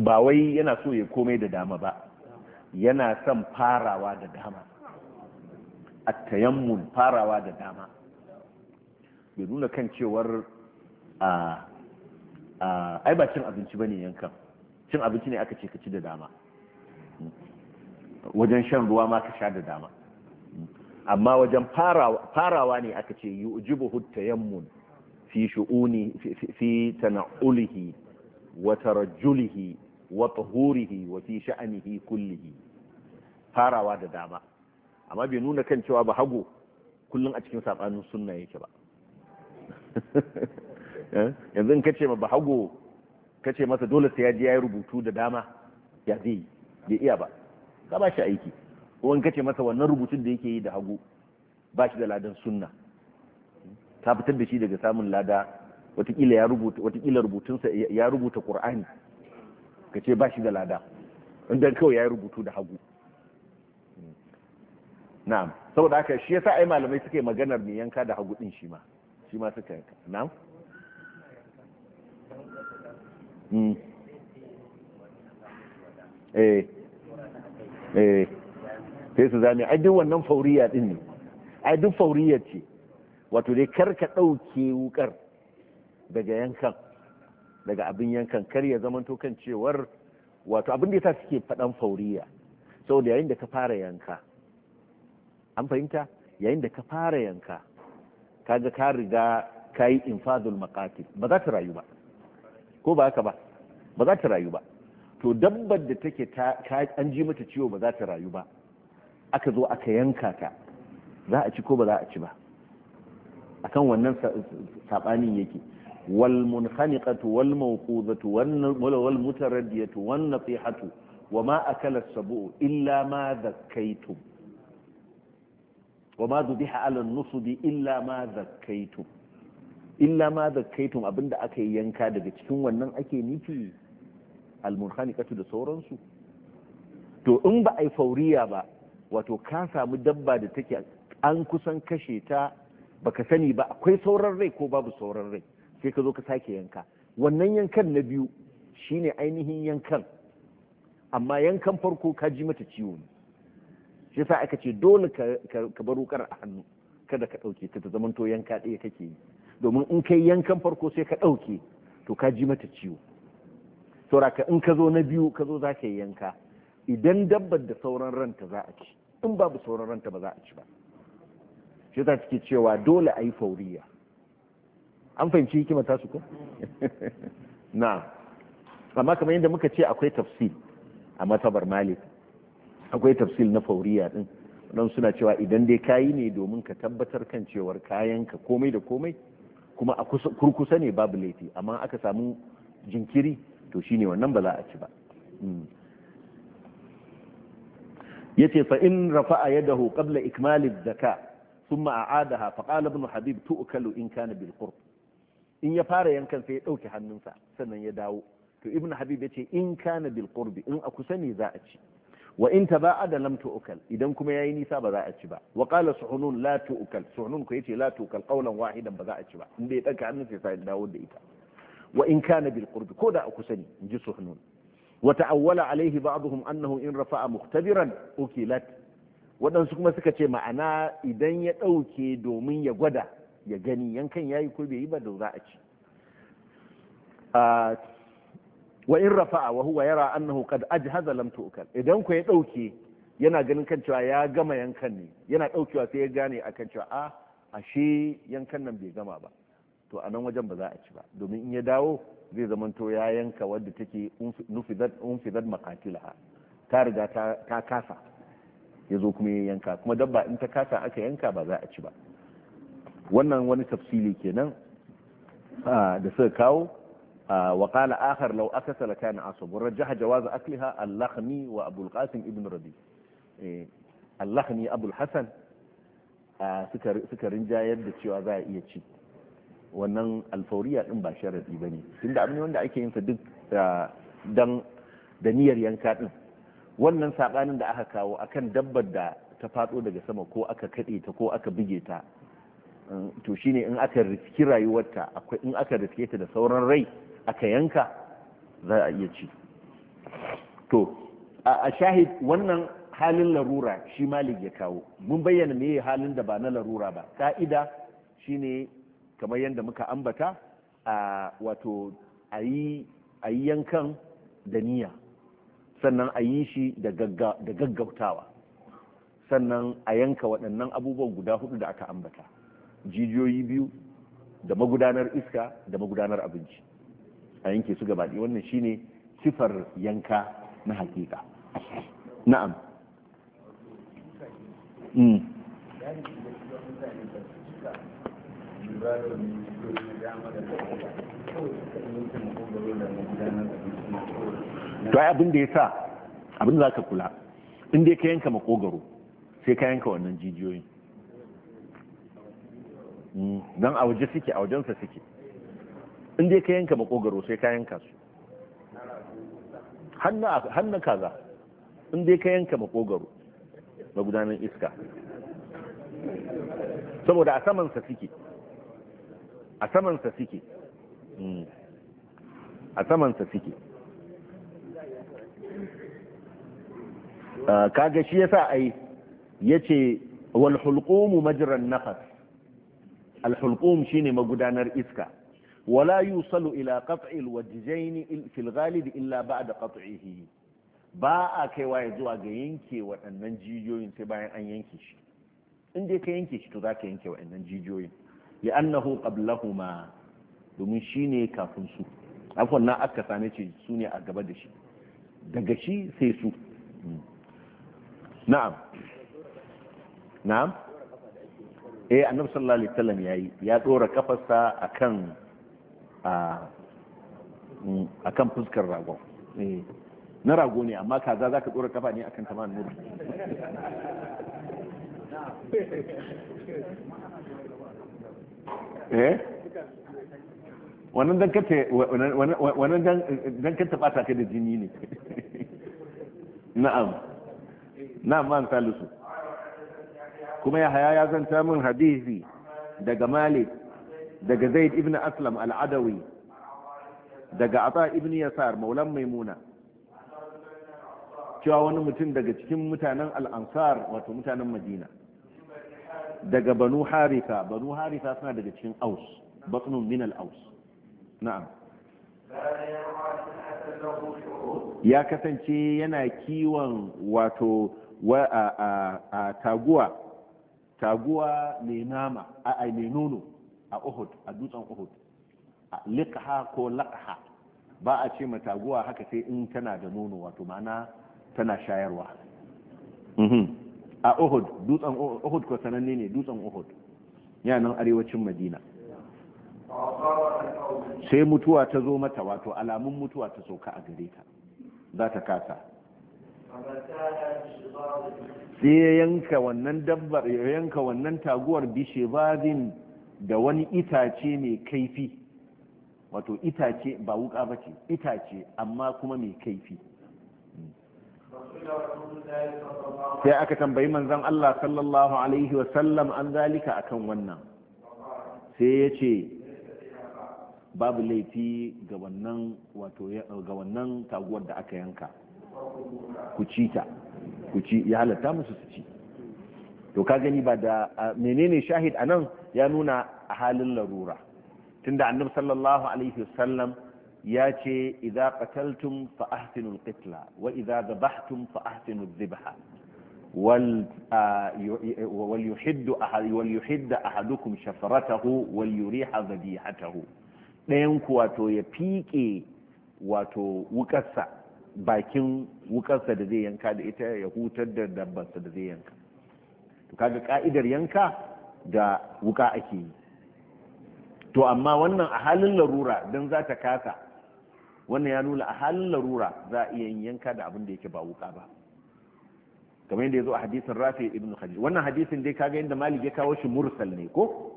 ba wai yana so ya komai da dama ba yana son farawa da dama a tayammun farawa da dama bai nuna kan cewar a ai ba cin abinci ba ne yankan cin abinci ne aka ce ka ci da dama wajen shan ruwa ma ka sha da dama amma wajen farawa ne aka ce ta yammun fi shu'uni fi tana'ulihi wa tarajjulihi wa tahurihi wa fi sha'anihi kullihi farawa da dama amma bai nuna kan cewa ba hago kullum a cikin saɓanin sunna yake ba (laughs) eh? yanzu in kace ma ba hago kace masa dole sai ya je ya yi rubutu da dama ya zai bai iya ba ka ba shi aiki wani kace masa wannan rubutun da yake yi da hagu ba shi da ladan sunna ta fitar da shi daga samun lada watakila ya rubuta watakila rubutunsa ya rubuta qur'ani kace ba shi da lada inda kawai ya rubutu da hagu na'am saboda haka shi yasa ai malamai suke maganar mai yanka da hagu din shi ma shi ma suka yanka na'am hmm. eh eh sai su zame ai duk wannan fauriya din ne ai duk fauriya ce wato dai kar ka ɗauke wukar daga yankan daga abin yankan kar ya zama to kan cewar wato abin da ya sa suke faɗan fauriya saboda yayin da ka fara yanka an fahimta yayin da ka fara yanka kaga ka riga ka yi infadul maqatil ba za ta rayu ba ko ba haka ba ba za ta rayu ba to dabbar da take an ji mata ciwo ba za ta rayu ba aka zo aka yanka ka za a ci ko ba za a ci ba A kan wannan sabanin yake wal munkhaniqatu wal mawqudatu wal mutaraddiyatu wan Wa ma a as-sabu illa ma da Wa ma dhubiha 'ala an-nusubi illa ma da zakkaytum illa ma da zakkaytum abinda aka yi yanka daga cikin wannan ake nufi al munkhaniqatu da sauransu to in ba a yi fauriya ba wato ka samu dabba da take an kusan kashe ta baka sani ba akwai sauran rai ko babu sauran rai sai ka zo ka sake yanka wannan yankan na biyu shine ainihin yankan amma yankan farko ka ji mata ciwo ne shi yasa aka ce dole ka bar wukar a hannu kada ka ɗauke ta ta zamanto yanka ɗaya kake yi domin in kai yankan farko sai ka ɗauke to ka ji mata ciwo sauraka in ka zo na biyu ka zo za ka yi yanka idan dabbar da sauran ranta za a ci in babu sauran ranta ba za a ci ba shi ta suke cewa dole a yi fauriya an fahimci hikima ta su ko (laughs) na amma kamar yadda muka ce akwai tafsil a matabar malik akwai tafsil na fauriya din don suna cewa idan dai kayi ne domin ka tabbatar kan cewar kayanka komai da komai kuma a kurkusa ne babu laifi amma aka samu jinkiri to shine wannan ba za a ci ba hmm. yace fa in rafa'a yadahu qabla ikmali zaka thumma a'adaha fa qala ibn habib tu'kalu in kana bil qurb in ya fara yankan sai ya dauke hannunsa sannan ya dawo to ibn habib yace in kana bil qurb in a kusa ne za a ci wa in taba'ada lam tu'kal idan kuma yayi nisa ba za a ci ba wa qala suhunun la tu'kal suhunun ko yace la tu'kal qawlan wahidan ba za a ci ba inda ya dauke hannunsa sai ya dawo da ita wa in kana bil qurb ko da a kusa ne in ji suhunun وتأول عليه بعضهم أنه إن رفع مختبرا أكلت waɗansu kuma suka ce ma'ana idan ya ɗauke domin ya gwada ya gani yankan ya yi ko bai yi ba da za a ci wa in rafa'a wa huwa yara annahu kad ajhaza lam tu'kal idan ku ya ɗauke yana ganin kan cewa ya gama yankan ne yana ɗaukewa sai ya gane akan cewa a ashe yankan nan bai gama ba to a nan wajen ba za a ci ba domin in ya dawo zai zamanto ya yanka wadda take unfidar makatilaha ta riga ta kasa ya zo kuma ya yanka kuma dabba in ta kasa aka yanka ba za a ci ba wannan wani tafsili kenan da suka kawo wa qala akhar law akasala kana asab wa rajaha jawaz akliha al-lakhmi wa abul qasim ibn rabi eh, al-lakhmi abu suka rinjayar da cewa za a iya ci wannan alfauriya ɗin ba sharadi ba ne tunda abin wanda ake yin sa duk ah, dan da niyyar yanka ɗin, wannan saɓanin da aka kawo akan dabbar da ta faɗo daga sama ko aka kaɗe ta ko aka buge ta mm, to shine in aka riski rayuwarta akwai in aka riske ta da sauran rai aka yanka za a iya ci to a shahid wannan halin larura shi malik ya kawo mun bayyana me halin da ba na larura ba ka'ida shine kamar yadda muka ambata a wato a yi yankan da niyya sannan a yi shi da gaggautawa sannan a yanka waɗannan abubuwan guda hudu da aka ambata jijiyoyi biyu da magudanar iska da magudanar abinci a yanke su gabaɗi wannan shine sifar yanka na hakika na'am hmm. to ai abin da ya sa abin da za ka kula inda ka yanka makogaro sai ka yanka wannan jijiyoyin hmm, don a waje suke a wajensa suke inda ka yanka makogaro sai ka yanka su hannun kaza inda ka yanka makogaro na gudanar iska saboda a samansa suke a samansa suke hmm. a samansa suke ah, kaga shi yasa ai yace wal hulqum majran nafas al hulqum shine magudanar iska wala yusalu ila qat'i al wajjayn fi ghalib illa ba'da qat'ihi ba a kaiwa ya zuwa ga yanke waɗannan jijiyoyin sai bayan an yanke shi in dai ka yanke shi to za ka yanke waɗannan jijiyoyin annahu qablahuma domin shine kafin su afwan na aka same ce su ne a gaba da shi daga shi sai su na'am na'am eh annabi sallallahu alaihi wasallam yayi ya dora kafarsa akan a akan fuskar rago eh na rago ne amma kaza za ka dora kafa ne akan taman nuru eh wannan dan ka ta kai da jini ne (laughs) na'am na'am man salisu kuma ya haya ya zanta min hadisi daga malik daga zaid ibn aslam al'adawi daga ata ibn yasar maulan maimuna cewa wani mutum daga cikin mutanen al'ansar wato mutanen madina daga banu Harifa, banu Harifa suna daga cikin aus batnun min al-aus na'am ya kasance yana kiwon wato wa a taguwa taguwa mai nama a ne nono a Uhud a dutsen Uhud liqha ko laqha ba a ce ma taguwa haka sai in tana da nono wato ma'ana tana shayarwa mm-hmm. a uhud dutsen uhud ko sananne ne dutsen uhud Ya nan arewacin madina sai mutuwa ta zo mata wato alamun mutuwa ta sauka a gare ta za ta kasa sai ya yanka wannan dabbar ya yanka wannan taguwar bishe bazin da wani itace mai kaifi wato itace ba wuka ba ce itace amma kuma mai kaifi sai aka tambayi manzon Allah sallallahu alaihi wasallam an zalika akan wannan sai ya ce babu laifi ga wannan taguwar da aka yanka ku ci ta ku ci ya halatta musu su ci to ka gani ba da menene shahid anan ya nuna a halin larura tunda annabi sallallahu alaihi wasallam ya ce idza qataltum fa ahsinul qitla wa idza dhabhtum fa ahsinul dhibha wal wal yuhiddu ahad wal yuhiddu ahadukum shafaratahu wal yuriha dhabihatahu dayan ku wato ya fike wato wukarsa bakin wukarsa da zai yanka da ita ya hutar da dabbarsa da zai yanka to kaga ka'idar yanka da wuka ake yi to amma wannan a halin larura don za ta kasa wannan ya nuna a halin larura za a iya yin yanka da abin da yake ba wuka ba kamar yadda ya zo a hadisin rafi ibn khadij wannan hadisin dai kaga yadda malik ya kawo shi mursal ne ko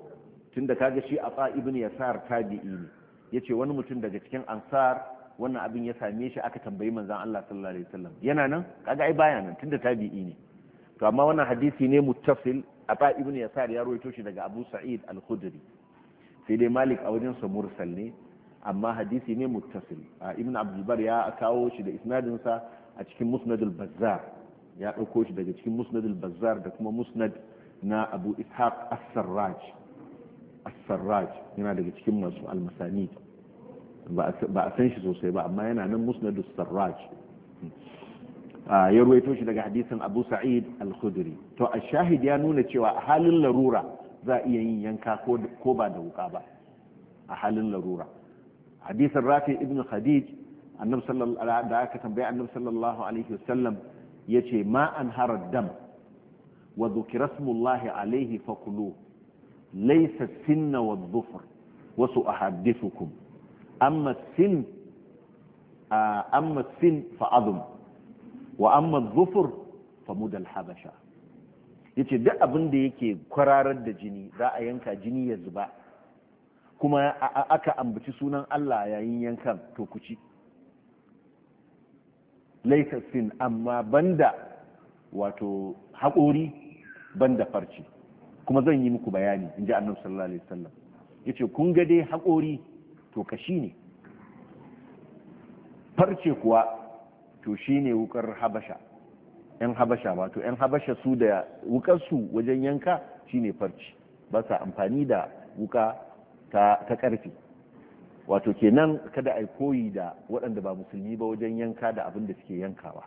tunda kaga shi afa ibn yasar tabi'i ne yace wani mutum daga cikin ansar wannan abin ya same shi aka tambayi manzon Allah sallallahu alaihi wasallam yana nan kaga ai baya nan tunda tabi'i ne to amma wannan hadisi ne muttasil afa ibn yasar ya rawaito shi daga abu sa'id al-khudri sai dai malik a wajen sa mursal ne amma hadisi ne muttasil ibn abdulbar ya kawo shi da isnadinsa a cikin musnad al-bazzar ya ɗauko shi daga cikin musnad al-bazzar da kuma musnad na abu ishaq as-sarraj as-sarraj yana daga cikin masu almasani ba a san shi sosai ba amma yana nan musnad as-sarraj ya ruwaito shi daga hadisin abu sa'id al-khudri to ash-shahid ya nuna cewa a halin larura za a iya yin yanka ko ba da wuka ba a halin larura hadisin rafi ibn khadij da aka tambayi annabi sallallahu alaihi wasallam yace ma an harad dam wa dhukira smullahi alaihi fakulu laysa sinna wa dhufr wa suhaddithukum amma sin fa azm wa amma fa mudal habasha yace duk abin da yake kwararar da jini za a yanka jini ya zuba kuma aka ambaci sunan Allah yayin yankan to ku ci laisa sin amma banda wato haƙori banda farci kuma zan yi muku bayani in ji annabi sallallahu alaihi wasallam ce kun ga dai haƙori to kashi ne farce kuwa to shi ne wukar habasha yan habasha wato yan habasha su da wukarsu wajen yanka shi ne farci ba sa amfani da wuka ta ƙarfi wato kenan kada a koyi da waɗanda ba musulmi ba wajen yanka da abin da suke yankawa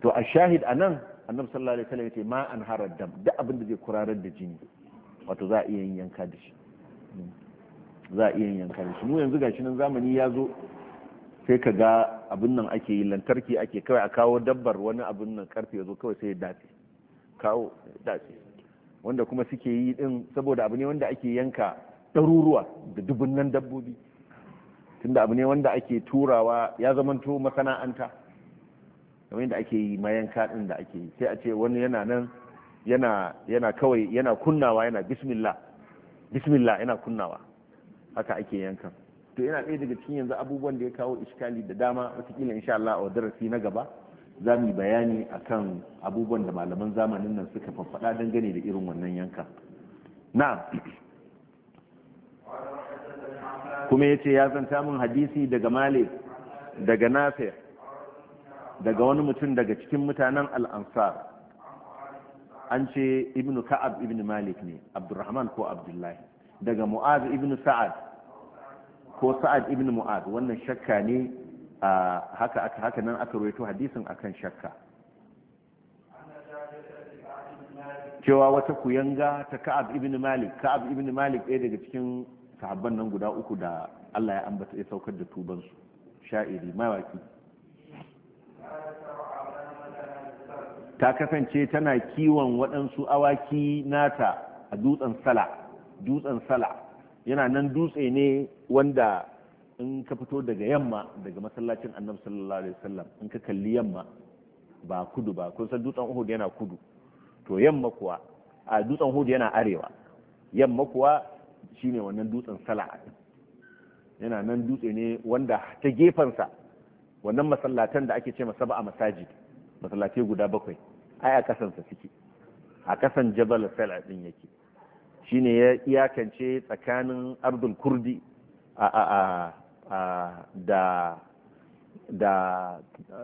to a shahid a nan annabi sallallahu alaihi wasallam ya ce ma an harar dam da abin da zai kurarar da jini wato za a iya yin yanka da shi za a iya yin yanka da shi mu yanzu gashi nan zamani ya zo sai ka ga abin nan ake yi lantarki ake kawai a kawo dabbar wani abin nan karfe ya zo kawai sai ya dace kawo dace wanda kuma suke yi din saboda abu ne wanda ake yanka ɗaruruwa da dubunnan dabbobi tunda abu ne wanda ake turawa ya zamanto masana'anta kamar yadda ake yi mayanka din da ake yi sai a ce wani yana nan yana kawai yana kunnawa yana bismillah bismillah yana kunnawa haka ake yankan to yana ɗaya daga cikin yanzu abubuwan da ya kawo iskali da dama wataƙila insha Allah a darasi na gaba za mu yi bayani a kan abubuwan da malaman zamanin nan suka faffaɗa gani da irin wannan yanka na kuma ya ce ya zanta min hadisi daga male daga nafe daga wani mutum daga cikin mutanen al'ansar an ce ibnu ka'ab Ibn malik ne abdurrahman ko abdullahi daga mu'az Ibn sa'ad ko sa'ad ibnu mu'az wannan shakka ne haka aka haka nan aka rawaito hadisin akan shakka cewa wata kuyanga ta Ka'ab ibn Malik Ka'ab ibn Malik ɗaya daga cikin sahabban nan guda uku da Allah ya ambata ya saukar da tubansu. su sha'iri mawaki ta kasance tana kiwon waɗansu awaki nata a dutsen sala dutsen sala yana nan dutse ne wanda in ka fito daga yamma daga masallacin annabi sallallahu alaihi wasallam in ka kalli yamma ba kudu ba kun san dutsen Uhud yana kudu to yamma kuwa a dutsen Uhud yana arewa yamma kuwa shine wannan dutsen Sala'a yana nan dutse ne wanda ta gefansa wannan masallatan da ake ce masa ba a masajid masallatai guda bakwai ai a kasansa suke a kasan jabal Sala'a din yake shine ya iyakance tsakanin ardul kurdi a da da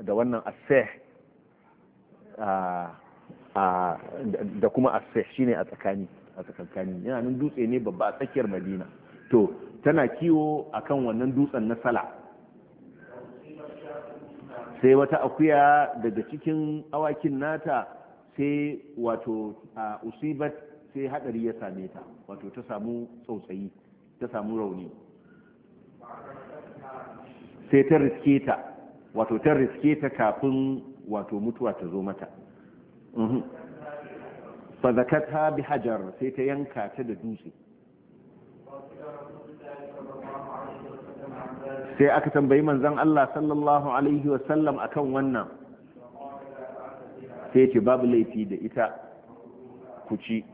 da wannan asih da kuma shi shine a tsakani a tsakankani yana nan dutse ne babba a tsakiyar madina to tana kiwo a kan wannan dutsen na sala sai wata akuya daga cikin awakin nata sai wato a usibat sai hadari ya same ta wato ta samu tsautsayi ta samu rauni sai ta riske ta wato ta riske ta kafin wato mutuwa ta zo mata mhm. fa zakata bi hajar sai ta yanka ta da dutse sai aka tambayi manzon Allah sallallahu alaihi wasallam akan wannan sai ce babu laifi da ita kuci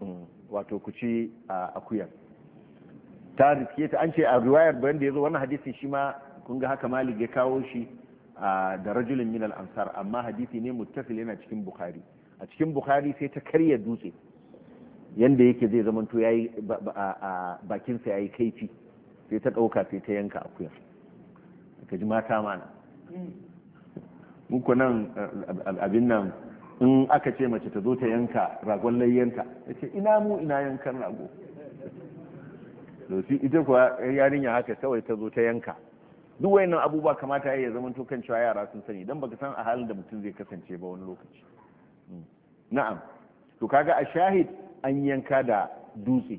mm, wato kuci a ah, akuyar ta riske ta an ce a riwayar bayan da ya zo wannan hadisin shi ma kun ga haka malik ya kawo shi da rajulun minal ansar amma hadisi ne muttasil yana cikin bukhari a cikin bukhari sai ta karya dutse yanda yake zai zama to yayi bakinsa yayi kaifi sai ta ɗauka sai ta yanka akuya ka ji mata mana muku nan abin nan in aka ce mace ta zo ta yanka ragon layyanta ce ina mu ina yankan rago to ita kuwa yarinya haka kawai ta zo ta yanka duk wayannan abubuwa kamata ya zama to kan cewa yara sun sani dan baka san a halin da mutum zai kasance ba wani lokaci hmm. na'am to kaga a shahid an yanka da dutse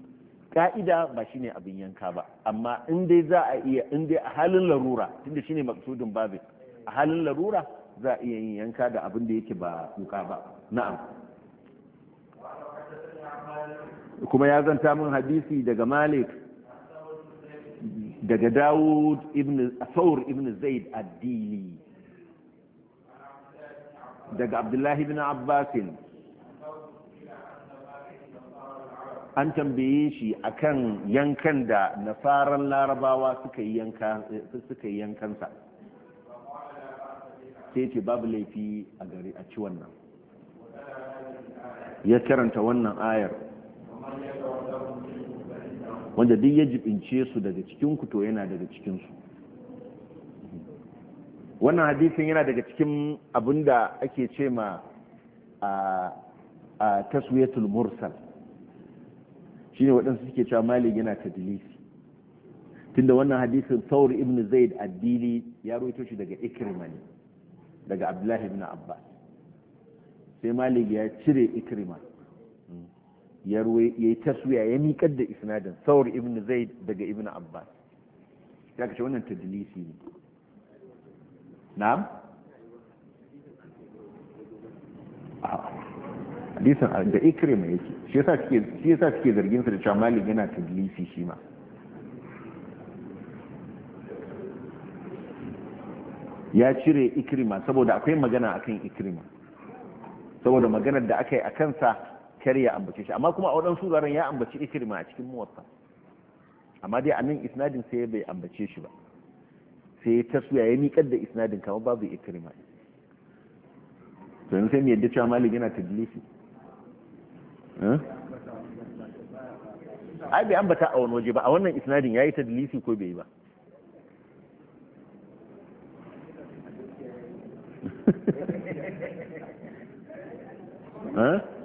ka'ida ba shine abin yanka ba amma in dai za a iya in dai a halin larura tunda shine maksudin babu a halin larura za a iya yin yanka da abin da yake ba kuka ba na'am kuma ya zanta min hadisi daga malik daga Dawud ibn Thawr ibn Zaid addini, daga Abdullahi ibn Abbas an tambaye shi akan yankan da nasaran larabawa suka yi yankansa sai ce babu laifi a gari a ci wannan ya karanta wannan ayar wanda duk ya jibince su daga cikin ku to yana daga cikin su wannan hadisin yana daga cikin abinda ake ce ma a taswiyatul mursal shine waɗansu suke cewa malik yana tadlisi tunda wannan hadisin saur ibn zaid addili ya ruwaito shi daga ikrima ne daga abdullahi ibn abbas sai malik ya cire ikrima ya yi taswiya ya miƙar da isnadin saur ibn zaid daga ibn abbas ya kace wannan tadlisi ne na'am hadisin da ikrima yake shi yasa suke shi yasa zargin sa da cewa malik yana tadlisi shi ma ya cire ikrima saboda akwai magana akan ikrima saboda maganar da aka yi a kansa kar ya ambace shi amma kuma a waɗansu wuraren ya ambaci ikirma a cikin muwatta amma dai a nan isnadin sai bai ambace shi ba sai ya tasu ya miƙar da isnadin kama babu ikirma to yanzu sai mai yadda cewa malin yana tadlisi eh? ai bai ambata a wani waje ba a wannan isnadin ya ta tadlisi ko bai yi ba Huh? (laughs) Eh?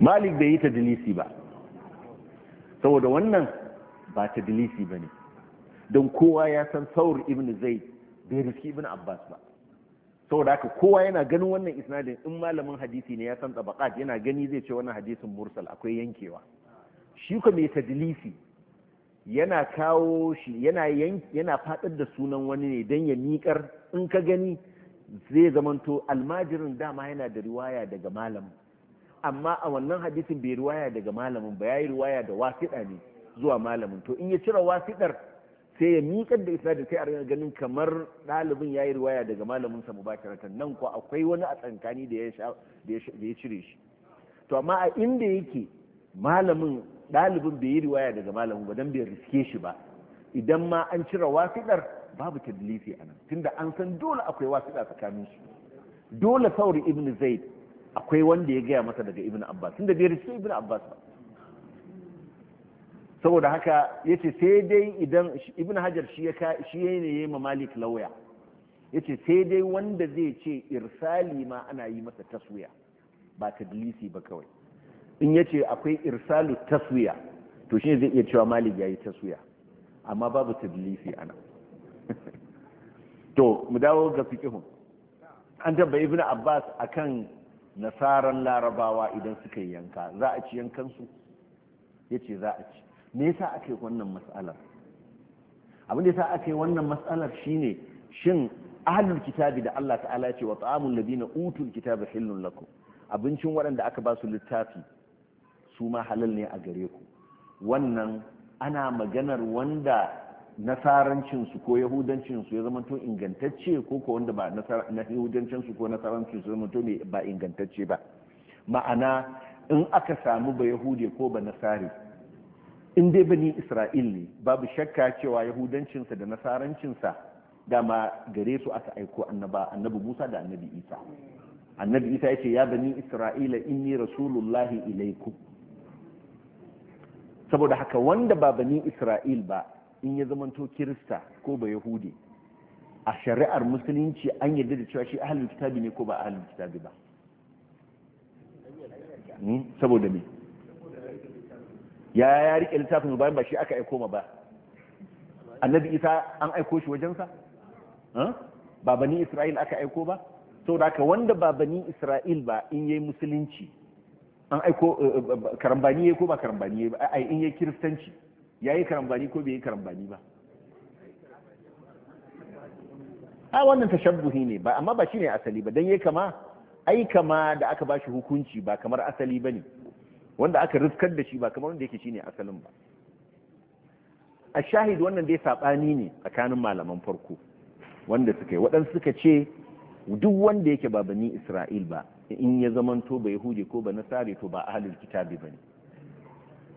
malik bai yi tadilisi dilisi ba saboda wannan ba ta dilisi ba ne don kowa ya san saur ibn zai bai riski ibn abbas ba saboda haka kowa yana ganin wannan isnadin in malamin hadisi ne ya san tabaqat yana gani zai ce wannan hadisin mursal akwai yankewa shi ka mai tadilisi yana kawo shi yana yana fadar da sunan wani ne dan ya miƙar in ka gani zai zamanto almajirin dama yana da riwaya daga malamin amma a wannan hadisin bai ruwaya daga malamin ba yayi ruwaya da wasiɗa ne zuwa malamin to in ya cire wasiɗar sai ya miƙar da isa da sai a rinka ganin kamar ɗalibin yayi ruwaya daga malamin sa mubasharatan nan ko akwai wani a tsankani da ya da ya cire shi to amma a inda yake malamin ɗalibin bai yi riwaya daga malamin ba dan bai riske shi ba idan ma an cire wasiɗar babu tadlifi a nan tunda an san dole akwai wasiɗa tsakanin su dole sauri ibnu zaid akwai wanda ya gaya masa daga ibn abbas tunda bai rikice ibn abbas ba saboda haka yace sai dai idan ibn hajar shi ya ne ya ma malik lauya yace sai dai wanda zai ce irsali ma ana yi masa taswiya ba tadlisi ba kawai in yace akwai irsalu taswiya to shi zai iya cewa malik ya yi taswiya amma babu tadlisi ana (laughs) to mu dawo ga fikihun an tabbai ibn abbas akan nasaran larabawa idan suka yi yanka za a ci yankansu ya ce za a ci me yasa aka yi wannan matsalar abin da yasa aka yi wannan matsalar shine shin ahlul kitabi da Allah ta'ala ce wa ta'amul ladina utul kitaba hillun lakum abincin waɗanda aka ba su littafi su ma halal ne a gare ku wannan ana maganar wanda nasarancinsu ko yahudancinsu ya zama tun ingantacce ko ko wanda ba na yahudancinsu ko nasarancinsu zama tun ba ingantacce ba ma'ana in aka samu ba yahude ko ba nasari in dai bani isra'il ne babu shakka cewa yahudancinsa da nasarancinsa dama gare su aka aiko annaba annabi musa da annabi isa annabi isa ya ce ya bani isra'ila inni rasulullahi ilaikum saboda haka wanda ba bani isra'il ba in ya to kirista ko ba yahudi a shari'ar musulunci an yarda da cewa shi ahalin kitabi ne ko ba ahalin kitabi ba hmm? saboda me ya ya rike littafin bayan ba shi aka aiko ma ba annabi isa an aiko shi wajensa ba bani isra'il aka aiko ba saboda haka wanda ba bani isra'il ba in yayi musulunci an aiko eh, eh, karambani yayi ko ba karambani yayi ba ai in yayi kiristanci ya yi karambani ko bai yi karambani ba a wannan tashabbuhi ne ba amma ba shi ne asali ba don ya kama ai kama da aka ba shi hukunci ba kamar asali ba ne wanda aka riskar da shi ba kamar wanda yake shi ne asalin ba a shahid wannan dai saɓani ne tsakanin malaman farko wanda suka yi waɗansu suka ce duk wanda yake ba bani isra'il ba in ya zamanto ba yahudi ko ba na nasari to ba halin kitabi ba ne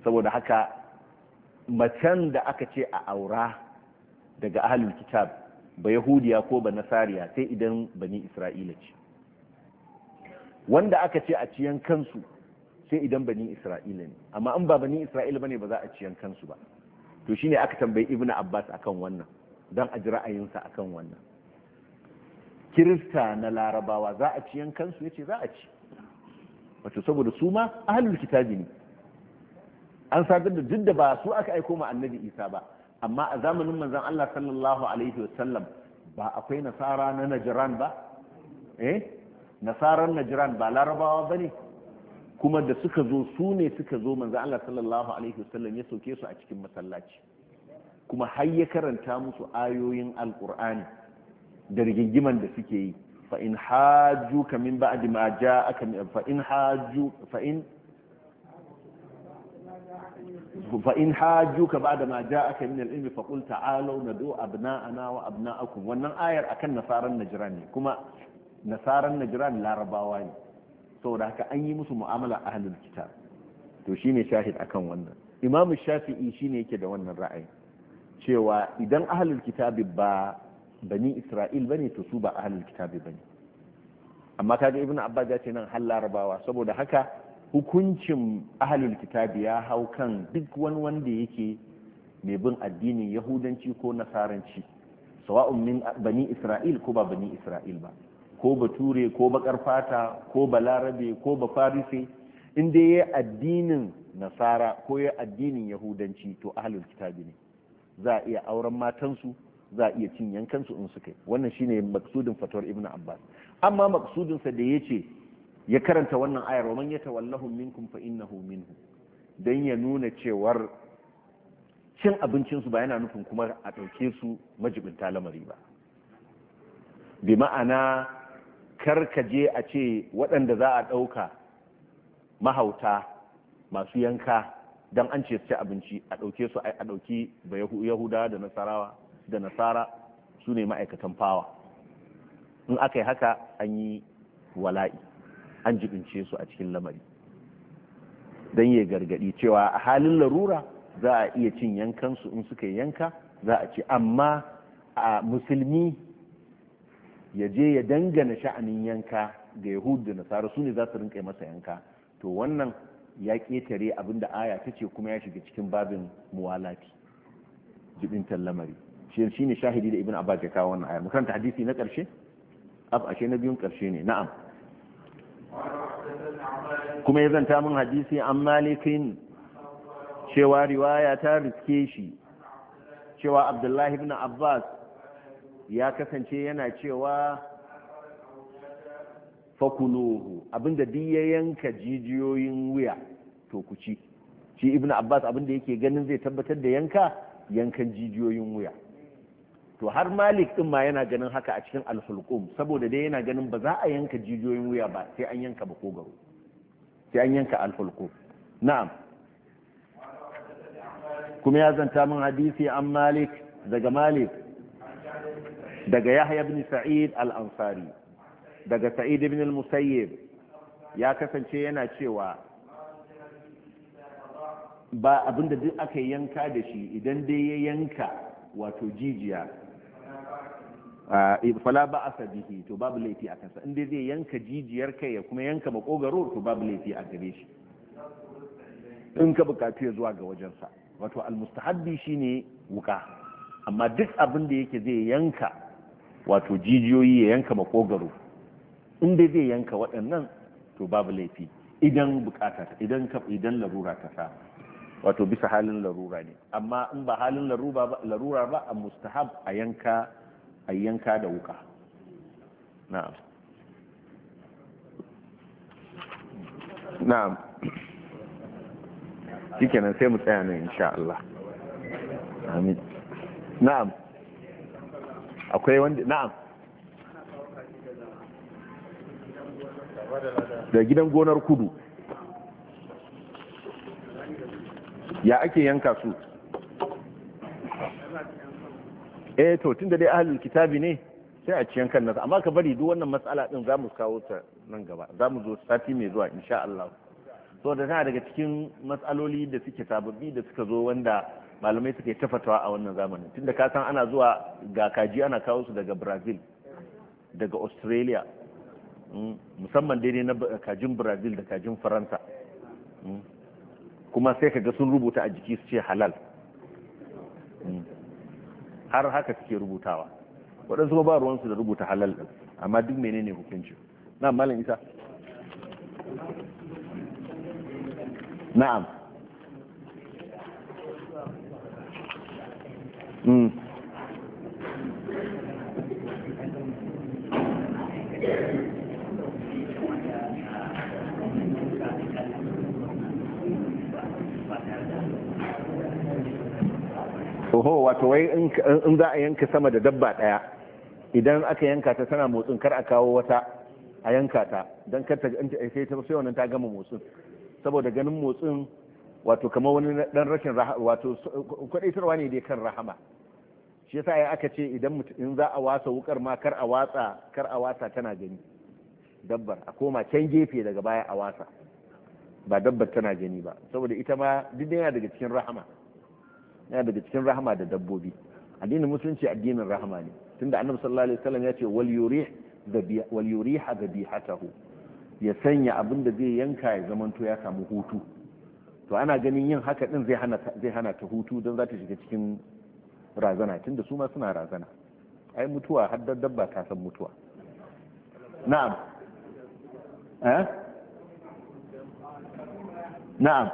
saboda haka macen da aka ce a aura daga ahalul kitab ba yahudiya ko ba nasariya sai idan bani isra'ila ce wanda aka ce a ciyan kansu sai idan bani isra'ila ne amma in ba bani isra'ila bane ba za a ciyan kansu ba to shine aka tambayi ibnu abbas akan wannan don a ji ra'ayinsa akan wannan kirista na larabawa za a ciyan kansu yace za a ci wato saboda su ma ahlul kitabi ne an sadar da duk da ba su aka aiko ma annabi isa ba amma a zamanin manzon Allah sallallahu alaihi wasallam ba akwai nasara na najran ba eh nasaran najran ba larabawa bane kuma da suka zo su ne suka zo manzon Allah sallallahu alaihi wasallam ya soke su a cikin masallaci kuma har ya karanta musu ayoyin alqur'ani da rigingiman da suke yi fa in hajju ka min ba'di ma ja'aka fa in hajju fa in فإن حاجوك بعد ما جاءك من العلم فقل تعالوا ندعو أبناءنا وأبناءكم wannan ayar akan nasaran najran ne kuma nasaran najran larabawa ne da haka an yi musu mu'amala ahlul kita, to ne shahid akan wannan imamu shafi'i shine yake da wannan ra'ayi cewa idan ahlul kitabi ba bani isra'il bane to su ba kitabi ba bane amma kaga Ibn abbas ya ce nan har larabawa saboda haka hukuncin ahalul kitabi ya hau kan duk wani wanda yake mai bin addinin yahudanci ko nasaranci sawa'un min bani isra'il ko ba bani isra'il ba ko bature ko bakar fata ko balarabe ko ba bafarise inda ya addinin nasara ko ya addinin yahudanci to ahalul kitabi ne za a iya auren matansu za a iya cin yankansu in suka yi wannan shine maksudin fatawar ibn abbas amma maksudinsa da ya ce ya karanta wannan ayar wa man tawallahu minkum fa innahu minhu dan ya nuna cewar cin abincin su ba yana nufin kuma a dauke su majibinta lamari ba bi ma'ana je a ce waɗanda za a ɗauka mahauta masu yanka don an ce ci abinci a ɗauke su a ɗauki yahudawa da nasarawa da nasara su ne ma'aikatan fawa in aka yi haka an yi wala'i an jibince su a cikin lamari don ya gargadi cewa a halin larura za a iya cin yankan su in suka yanka za a ci amma a musulmi ya je ya dangana sha'anin yanka ga yahudu da nasara su ne za su rinka masa yanka to wannan ya ƙetare abin da aya ta ce kuma ya shiga cikin babin muwalati jibintar lamari shi ne shahidi da ibn abbas ya kawo wannan aya mu hadisi na ƙarshe ab ashe na biyun ƙarshe ne na'am kuma ya zanta min hadisi an malikin cewa riwaya ta riske shi cewa abdullahi ibn abbas ya kasance yana cewa fakuluhu abinda duk ya yanka jijiyoyin wuya to ku ci shi ibn abbas abinda yake ganin zai tabbatar da yanka yankan jijiyoyin wuya to har malik din ma yana ganin haka a cikin alhulqum saboda dai yana ganin ba za a yanka jijiyoyin wuya ba sai an yanka kogaro sai an yanka alhulqum na'am kuma ya zanta min hadisi an malik daga malik daga yahya ibn sa'id al-ansari daga sa'id ibn al-musayyib ya kasance yana cewa ba abinda duk aka yanka da shi idan dai ya yanka wato jijiya Ah, fala ba a bihi to babu laifi a kansa inda zai yanka jijiyar kai ya kuma yanka makogaro to babu laifi a gare shi in ka bukatu ya zuwa ga wajensa wato almustahabbi shine wuka amma duk abin da yake zai yanka wato jijiyoyi ya yanka makogaro inda zai yanka waɗannan to babu laifi idan bukata idan idan larura ta sa wato bisa halin larura ne amma in ba halin larura ba a mustahab a yanka a yanka da wuka na'am na'am nan sai mu tsaya nan insha Allah amin na'am akwai wanda na'am da gidan gonar kudu ya ake yanka su eh to tunda dai ahlul kitabi ne sai a ciyan kan nasa amma ka bari duk wannan matsala din zamu kawo ta nan gaba zamu zo sati mai zuwa insha Allah so da tana daga cikin matsaloli da suke sababbi da suka zo wanda malamai suke tafatawa a wannan zamanin tunda ka san ana zuwa ga kaji ana kawo su daga Brazil daga Australia mm, musamman daidai na kajin Brazil da kajin Faransa mm, kuma sai ka ga sun rubuta a jiki su ce halal mm. har haka suke rubutawa waɗansu ba ruwansu da rubuta halal ɗin amma duk menene hukunci na'am malin isa na'am toho wato wai in za a yanka sama da dabba daya idan aka yanka ta tana motsin kar a kawo wata a yanka ta don kar ta sai ta sai wannan ta gama motsin saboda ganin motsin wato kamar wani dan rashin wato kwadaitarwa ne dai kan rahama shi yasa ya aka ce idan in za a wasa wukar ma kar a watsa kar a wasa tana gani dabbar a koma can gefe daga baya a wasa ba dabbar tana gani ba saboda ita ma duk yana daga cikin rahama yana daga cikin rahama da dabbobi addinin musulunci addinin rahama ne tunda annabi sallallahu alaihi wasallam ya ce wal yurih wal yurih dhabihatahu ya sanya abin da zai yanka ya zamanto ya samu hutu to ana ganin yin haka din zai hana zai hana ta hutu don zata ta shiga cikin razana tunda su ma suna razana ai mutuwa har dabba ta san mutuwa na'am eh na'am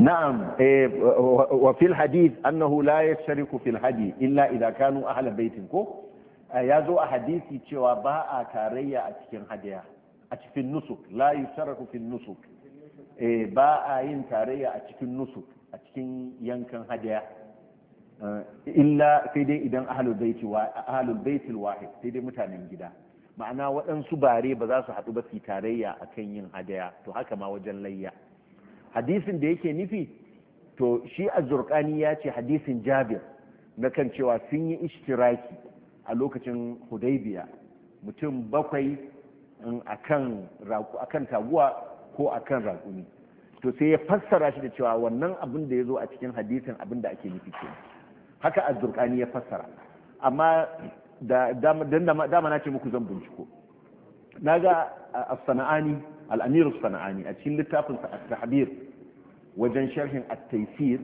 نعم وفي الحديث أنه لا يشترك في الهدي إلا إذا كانوا أهل بيتكم يازو أحاديثي cewa ba a tarayya a cikin hadiya a cikin nusuk la yusharaku fi nusuk ba a yin tarayya a cikin nusuk a cikin yankan hadiya sai dai idan ahlul baiti wa ahlul sai dai mutanen gida ma'ana waɗansu bare ba za su haɗu ba tarayya akan yin hadaya, to haka ma wajen layya hadisin da yake nufi to shi azurkani ya ce hadisin jabir na kan cewa sun yi ishtiraki a lokacin hudaibiya mutum bakwai um, akan taguwa ko akan raƙumi to sai ya fassara shi da cewa wannan abin da ya zo a cikin hadisin abin da ake nufi ke haka zurkani ya fassara amma da dama na ce muku zan binciko na ga uh, a sana'ani al'amiru sana'ani a cikin littafinsa a tahbir wajen sharhin at-taisir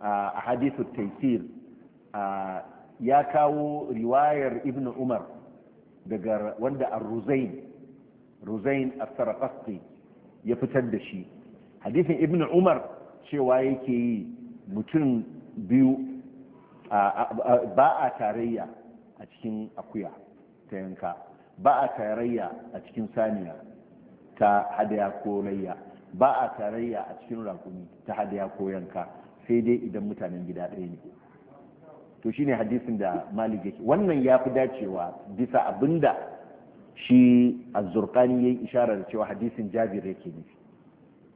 a hadithu taifir ya kawo riwayar ibn umar daga wanda ar-ruzain ruzain ruzain as ya fitar da shi hadithin ibn umar cewa yake yi mutum biyu ba a tarayya a cikin akuya ta yanka ba a tarayya a cikin saniya ta hadaya ko layya ba a tarayya a cikin rakumi ta hadaya ko yanka sai dai idan mutanen gida ɗaya ne to shine hadisin da malik yake wannan ya fi dacewa bisa abinda shi az-zurqani ishara da cewa hadisin jabir yake nufi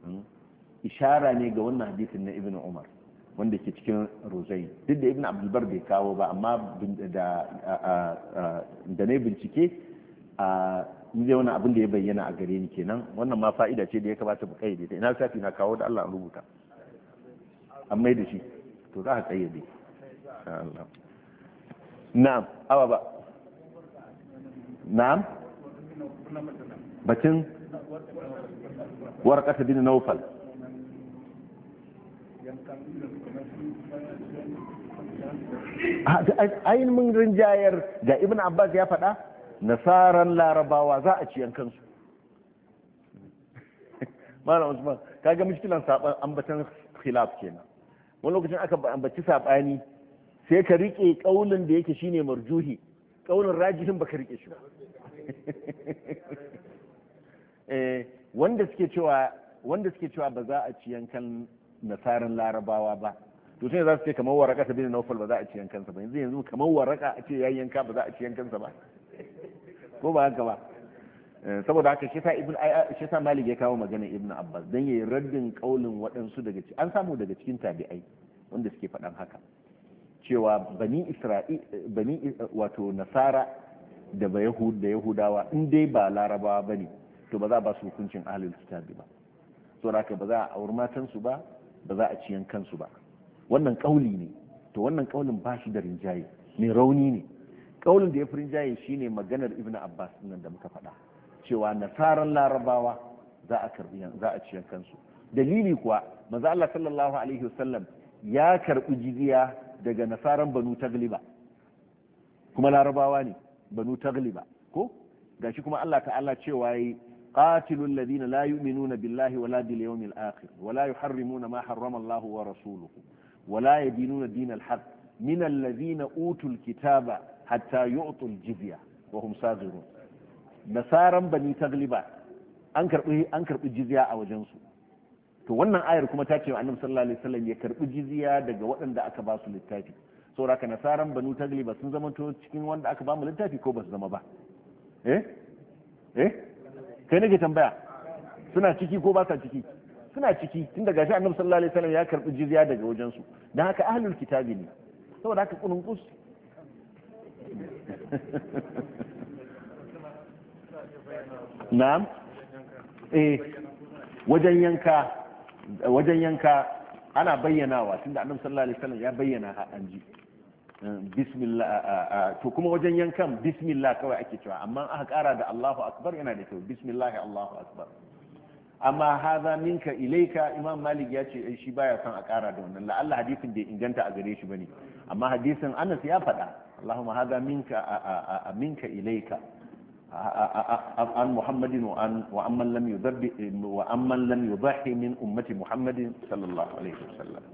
hmm? ishara ne ga wannan hadisin na ibn umar wanda ke cikin rozai duk da ibn abdulbar bai kawo ba amma da na bincike a ni dai wani abin da ya bayyana a gare ni kenan wannan ma fa'ida ce da ya kamata mu kayyade ta ina safi na kawo da Allah an rubuta an mai da shi to za ka kayyade Allah na'am awa ba na'am batun warqata bin nawfal ah, ainihin rinjayar ga ibn abbas ya faɗa nasaran larabawa za a ci yankansu (laughs) malam usman kaga mishkilan saban ambatan khilaf kenan wani lokacin aka ambaci saɓani, sai ka riƙe ƙaunin da yake shine marjuhi ƙaunin rajihin baka riƙe shi ba (laughs) eh, wanda suke cewa wanda suke cewa ba za a ci yankan nasaran larabawa ba to sai za su ce kamar waraka ta bin naufal ba za a ci yankansa ba yanzu yanzu kamar waraka a ce yayyanka yanka ba za a ci yankansa ba ko ba haka ba eh, saboda haka shi ibn malik ya kawo magana ibn abbas dan yayi raddin kaulin waɗansu daga an samu daga cikin tabi'ai wanda suke faɗan haka cewa bani isra'i bani wato nasara da ba da yahudawa in dai ba larabawa bane to ba za ba su hukuncin ahlul kitab ba saboda haka ba za a auri matansu ba ba za a ci kansu ba wannan kauli ne to wannan kaulin ba shi da rinjaye mai rauni ne kaulin da ya furin jaye shine maganar Ibn abbas nan da muka faɗa cewa nasaran larabawa za a karbi za a ciyan kansu dalili kuwa manzo Allah sallallahu alaihi wasallam ya karbi jiziya daga nasaran banu tagliba kuma larabawa ne banu tagliba ko gashi kuma Allah ta'ala cewa yi قاتلوا الذين لا يؤمنون بالله ولا باليوم الآخر ولا يحرمون ما حرم الله ورسوله ولا يدينون دين الحق من الذين أوتوا الكتاب حتى يعطوا jizya وهم صاغرون نصارى nasaran bani tagliba an karbi an karbi jizya a wajen su to wannan ayar kuma ta ce annabi sallallahu alaihi wasallam ya karbi jizya daga waɗanda aka ba su littafi saboda nasaran banu tagliba sun zama to cikin wanda aka ba mu littafi ko ba su zama ba eh eh kai nake tambaya suna ciki ko ba sa ciki suna ciki tun daga shi annabi sallallahu alaihi wasallam ya karbi jizya daga wajen su dan haka ahlul kitabi ne saboda haka kunun kus na'am eh wajen yanka wajen yanka ana bayyanawa tunda annabi sallallahu alaihi wasallam ya bayyana ha an ji eh, bismillah to kuma wajen yankan bismillah kawai ake cewa amma aka kara da Allahu akbar yana da kyau bismillah Allahu akbar amma haza minka ilaika imam malik ya ce shi baya son a kara da wannan la'alla hadisin bai inganta a gare shi bane amma hadisin anas ya faɗa اللهم هذا منك منك اليك عن محمد وعن وعمن لم يذبح وعمن لم يضحي من امه محمد صلى الله عليه وسلم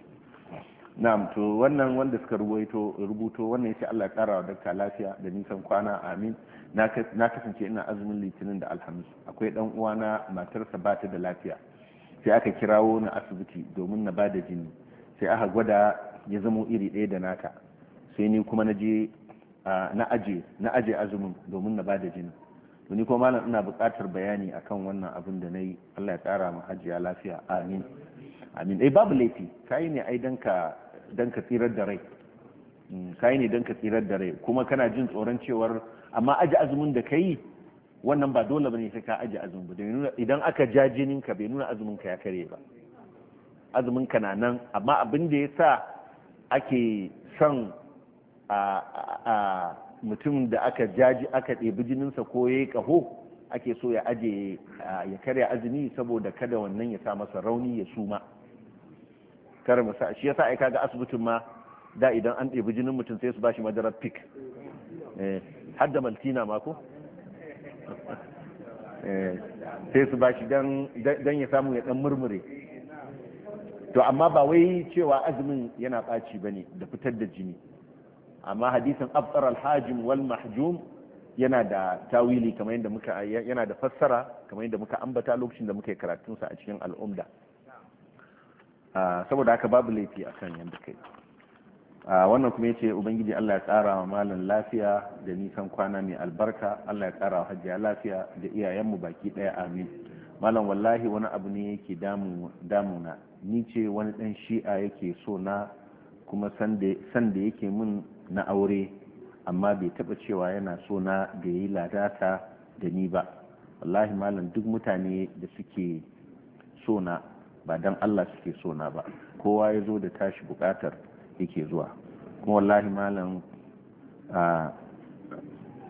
نعم تو wannan wanda suka rubuto rubuto wannan yace Allah ya kara wa dakta lafiya da nisan kwana amin na kasance ina azumin litinin da alhamis akwai dan uwana matarsa ba ta da lafiya sai aka kirawo na asibiti domin na bada jini sai aka gwada ya zama iri ɗaya da naka. sai ni kuma na je na aje na aje azumin domin na bada jini to ni kuma malam ina buƙatar bayani akan wannan abin da nayi Allah ya tsara mu hajiya lafiya amin amin eh babu laifi kai ne ai dan ka dan ka tsirar da rai mm, kai ne dan ka tsirar da rai kuma kana jin tsoron cewar amma aje azumin da kai wannan ba dole bane sai ka aje azumin ba idan aka ja jinin ka bai nuna azumin ka ya kare ba azumin ka na nan amma abin da ya sa ake son a mutum da aka jaji aka ɗebi jininsa ko ya yi ƙaho ake so ya aje ya karya azumi saboda kada wannan ya sa masa rauni ya suma kar masa shi yasa ai kaga asibitin ma da idan an ɗebi jinin mutum sai su bashi madarar pik eh, har maltina ma ko (laughs) eh, sai su bashi dan ya samu ya dan murmure to amma ba wai cewa azumin yana ɓaci bane da fitar da jini amma hadisin abtar alhajim wal mahjum yana da tawili kamar yadda muka yana da fassara kamar yadda muka ambata lokacin da muka yi karatun sa a cikin al'umda ah, saboda haka babu laifi a kan yadda kai ah, wannan kuma yace ubangiji Allah ya tsara wa malam lafiya da nisan kwana mai albarka Allah ya tsara wa hajjiya lafiya da iyayen mu baki daya amin malam wallahi wani abu ne yake damu damuna ni ce wani dan shi'a yake so na kuma sanda yake mun na aure amma bai taba cewa yana so na da yi ladata da ni ba wallahi malam duk mutane da suke so na ba dan Allah suke so na ba kowa ya zo da tashi bukatar yake zuwa kuma wallahi malam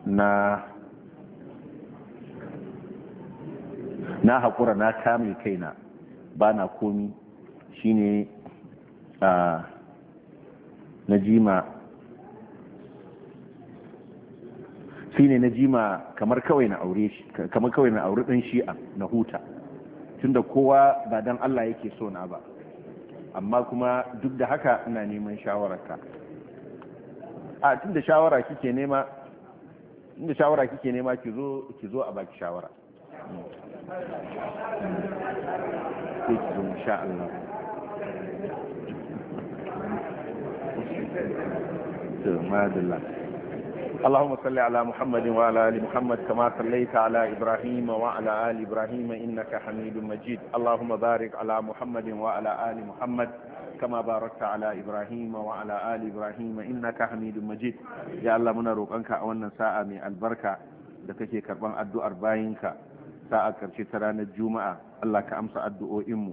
na na haƙura na kame kaina ba na komi shine na jima ne na jima kamar kawai na aure shi kamar kawai na aure ɗin shi'a na huta tunda kowa ba dan Allah yake so na ba amma kuma duk da haka ina neman shawararka a tunda shawara kike nema tunda shawara kike nema ki zo ki zo a baki shawara sai zo insha Allah to madalla اللهم صل على محمد وعلى ال محمد كما صليت على ابراهيم وعلى ال ابراهيم انك حميد مجيد اللهم بارك على محمد وعلى ال محمد كما باركت على ابراهيم وعلى ال ابراهيم انك حميد مجيد يا الله muna roƙonka a wannan sa'a mai albarka da kake karban addu'ar bayinka sa'a karshe ta ranar juma'a Allah ka amsa addu'o'inmu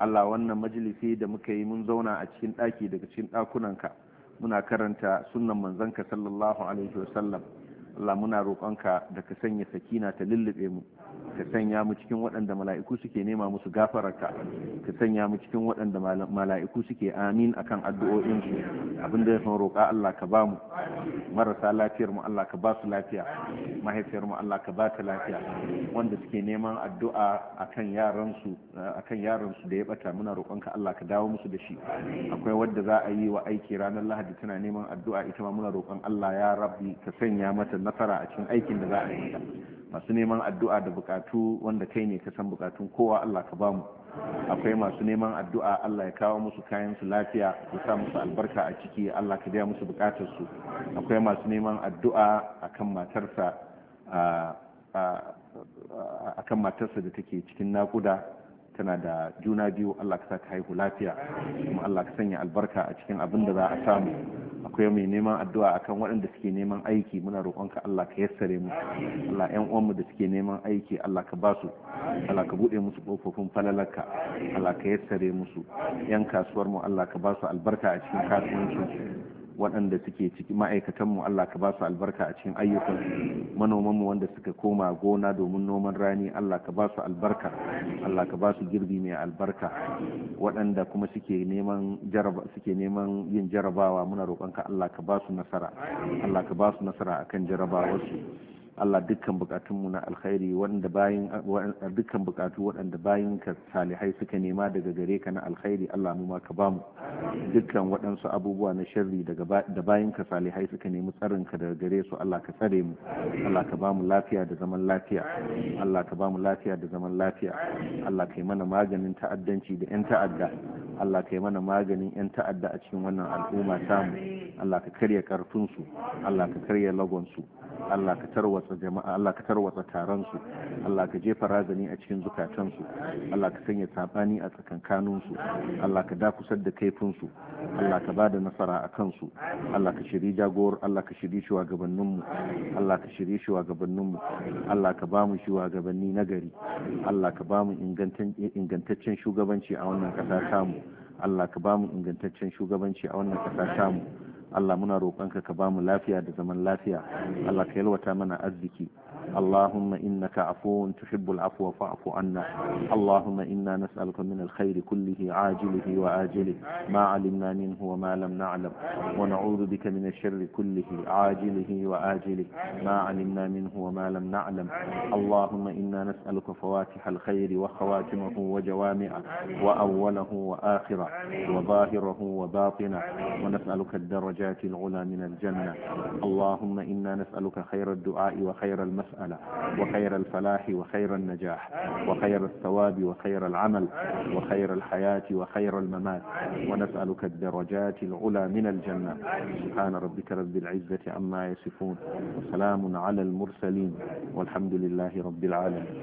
Allah wannan majalisi da muka yi mun zauna a cikin ɗaki daga cikin ɗakunanka muna karanta sunnan manzanka sallallahu alaihi wasallam Allah muna roƙonka da ka sanya sakina ta lullube mu ka sanya mu cikin waɗanda mala'iku suke nema musu gafararka ka sanya mu cikin waɗanda mala'iku suke amin akan addu'o'insu abinda ya san roƙa Allah ka ba mu marasa lafiyar mu Allah ka ba su lafiya mahaifiyar mu Allah ka ba ta lafiya wanda suke neman addu'a akan yaran su akan yaran su da ya bata muna roƙonka Allah ka dawo musu da shi akwai wadda za a yi wa aiki ranar Lahadi tana neman addu'a ita ma muna roƙon Allah ya rabbi ka sanya mata nasara a cikin aikin da za a yi mata masu neman addu'a da bukatu wanda kai ne ka san bukatun kowa Allah ka bamu akwai masu neman addu'a Allah ya kawo musu kayan su lafiya ya sa musu albarka a ciki Allah ka biya musu bukatar su akwai masu neman addu'a akan matarsa akan matarsa da take cikin nakuda tana da juna biyu Allah ka sa ka haihu lafiya kuma Allah ka sanya albarka a cikin abin da za a samu akwai mai neman addu'a akan waɗanda suke neman aiki muna roƙonka Allah ka yassare mu Allah ƴan uwanmu da suke neman aiki Allah ka ba su Allah ka buɗe musu ƙofofin falalarka Allah ka yassare musu ƴan kasuwar mu Allah ka ba su albarka a cikin kasuwancin waɗanda suke ciki ma'aikatanmu Allah ka ba su albarka a cikin ayyukan manomanmu wanda suka koma gona domin noman rani Allah ka ba su albarka Allah ka ba su girbi mai albarka waɗanda kuma suke neman jaraba suke neman yin jarabawa muna roƙonka Allah ka ba su nasara Allah ka ba su nasara akan jarabawarsu Allah dukkan bukatunmu na alkhairi wanda bayin dukkan bukatu waɗanda bayin ka salihai suka nema daga gare ka na alkhairi Allah mu ma ka bamu dukkan waɗansu abubuwa na sharri daga da bayin ka salihai suka nemi tsarin ka daga gare su Allah ka tsare mu Allah ka bamu lafiya da zaman lafiya Allah ka bamu lafiya da zaman lafiya Allah ka yi mana maganin ta'addanci da 'yan ta'adda Allah ka yi mana maganin 'yan ta'adda a cikin wannan al'umma mu Allah ka karya su Allah ka karya su Allah ka tarwata tarwatsa jama'a Allah ka tarwatsa taron su Allah ka jefa razani a cikin zukatan su Allah ka sanya sabani a tsakankanin su Allah ka dakusar da kaifin su Allah ka bada nasara a kansu Allah ka shiri jagor Allah ka shiri shugabannin mu Allah ka shiri shugabannin mu Allah ka ba mu gabanni na gari Allah ka ba mu ingantaccen shugabanci a wannan ƙasa tamu Allah ka bamu ingantaccen shugabanci a wannan kasa tamu Allah muna roƙonka ka bamu lafiya da zaman lafiya Allah ka yalwata mana arziki اللهم إنك عفو تحب العفو فاعف عنا اللهم إنا نسألك من الخير كله عاجله وآجله ما علمنا منه وما لم نعلم ونعوذ بك من الشر كله عاجله وآجله ما علمنا منه وما لم نعلم اللهم إنا نسألك فواتح الخير وخواتمه وجوامعه وأوله وآخره وظاهره وباطنه ونسألك الدرجات العلى من الجنة اللهم إنا نسألك خير الدعاء وخير المسألة المسألة وخير الفلاح وخير النجاح وخير الثواب وخير العمل وخير الحياة وخير الممات ونسألك الدرجات العلى من الجنة سبحان ربك رب العزة عما يصفون وسلام على المرسلين والحمد لله رب العالمين